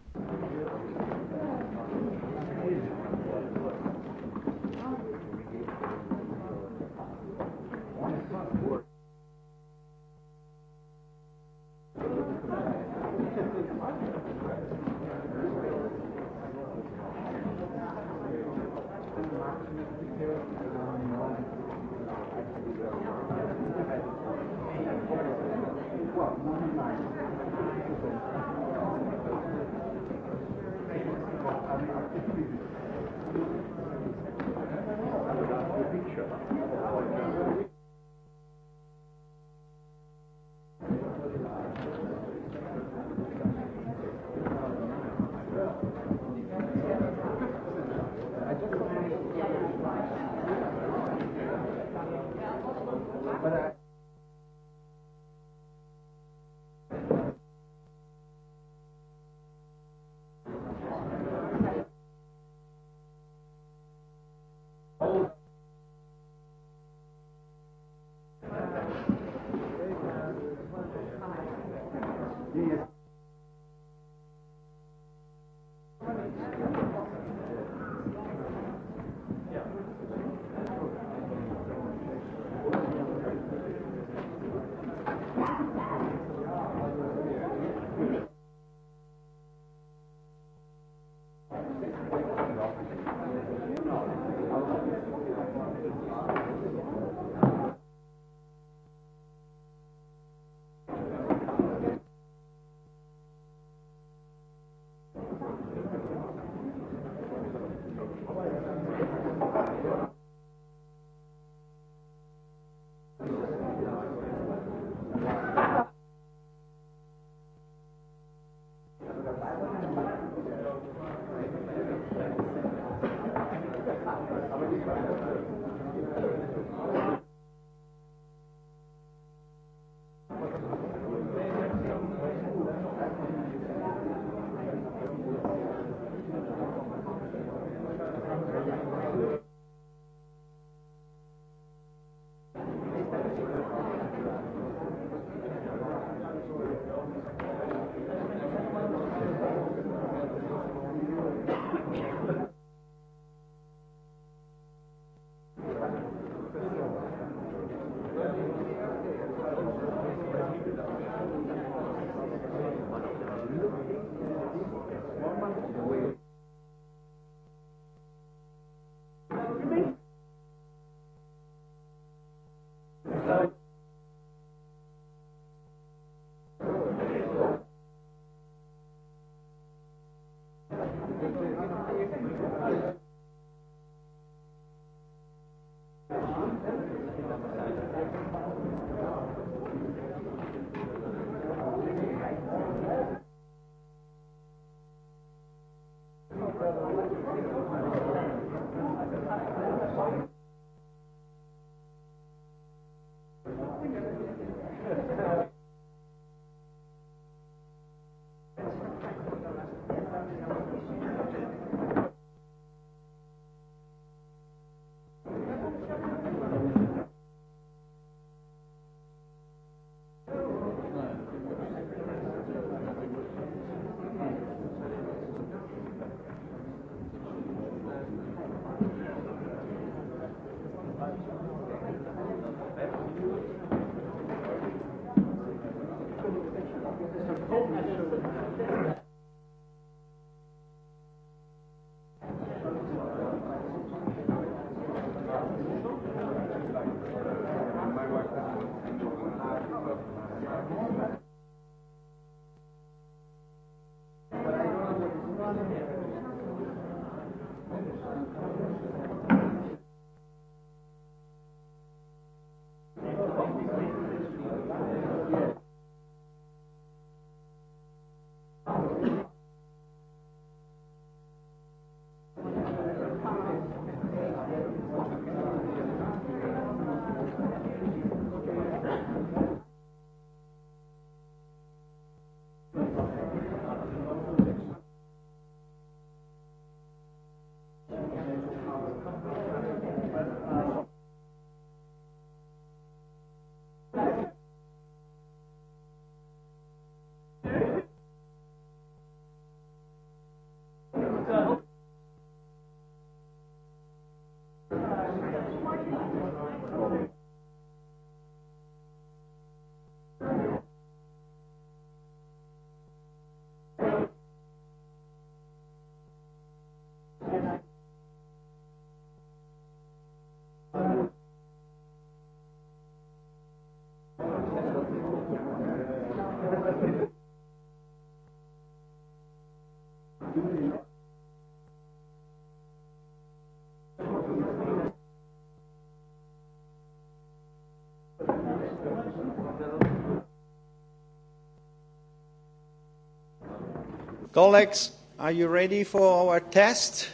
Colleagues, are you ready for our test?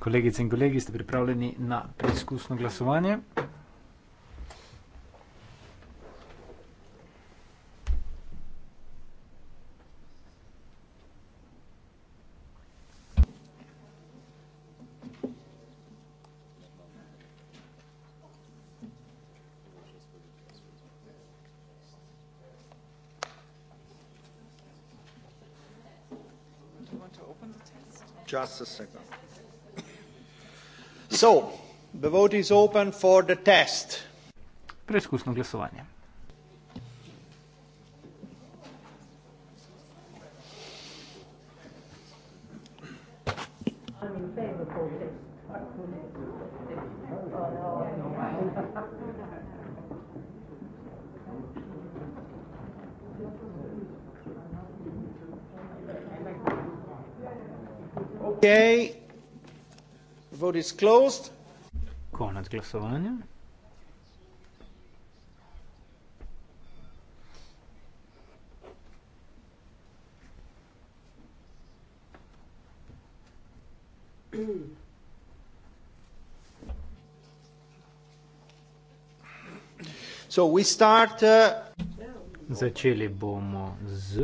Kolegice in kolegi, ste pripravljeni na preizkusno glasovanje? justicega. So, the vote is open for the test. Preizkusno glasovanje. vote is closed. Konec glasovanja. So we start, uh, Začeli bomo z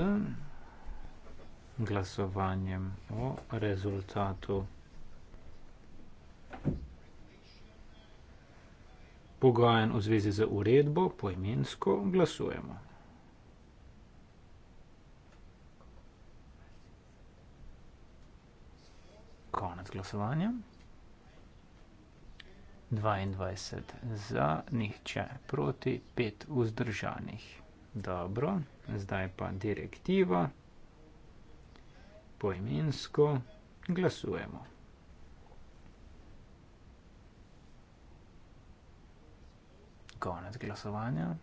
glasovanjem o rezultatu. pogajanj v zvezi z uredbo poimensko glasujemo. Konec glasovanja. 22 za, nihče proti, 5 vzdržanih. Dobro, zdaj pa direktiva. Poimensko glasujemo. konec glasovanja.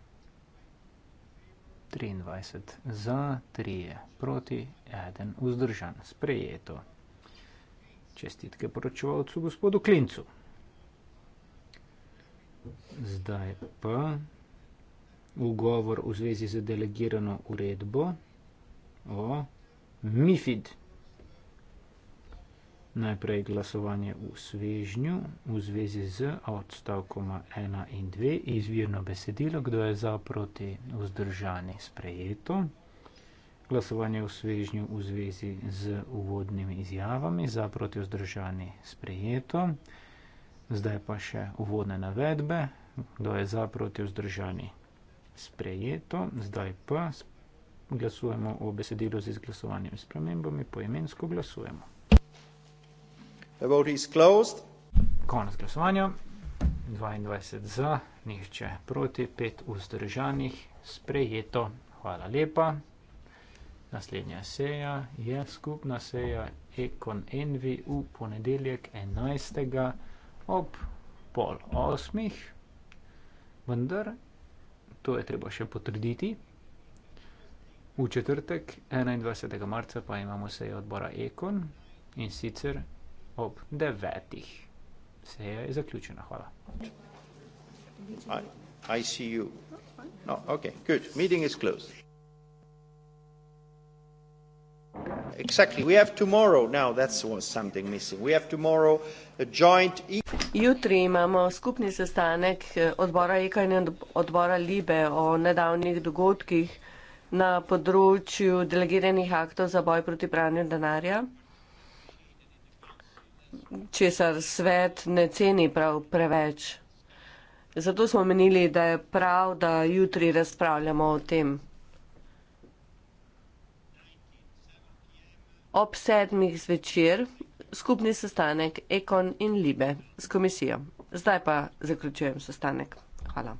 23 za, 3 proti, 1 vzdržan, sprejeto. Čestitke poročevalcu gospodu Klincu. Zdaj pa ugovor v zvezi z delegirano uredbo o MIFID najprej glasovanje v svežnju v zvezi z odstavkoma 1 in 2, izvirno besedilo, kdo je za, proti, vzdržani, sprejeto. Glasovanje v svežnju v zvezi z uvodnimi izjavami, za, proti, vzdržani, sprejeto. Zdaj pa še uvodne navedbe, kdo je za, proti, vzdržani, sprejeto. Zdaj pa glasujemo o besedilu z izglasovanjem spremembami, poimensko glasujemo. The vote is closed. Konec glasovanja. 22 za, nihče proti, 5 vzdržanih, sprejeto. Hvala lepa. Naslednja seja je skupna seja Econ Envy v ponedeljek 11. ob pol osmih. Vendar, to je treba še potrditi. V četrtek 21. marca pa imamo sejo odbora Econ in sicer ob devetih. Seja je zaključena. Hvala. I, I no, okay, exactly. joint... E- Jutri imamo skupni sestanek eh, odbora IKA in odbora Libe o nedavnih dogodkih na področju delegiranih aktov za boj proti pranju denarja česar svet ne ceni prav preveč. Zato smo menili, da je prav, da jutri razpravljamo o tem. Ob sedmih zvečer skupni sestanek Ekon in Libe s komisijo. Zdaj pa zaključujem sestanek. Hvala.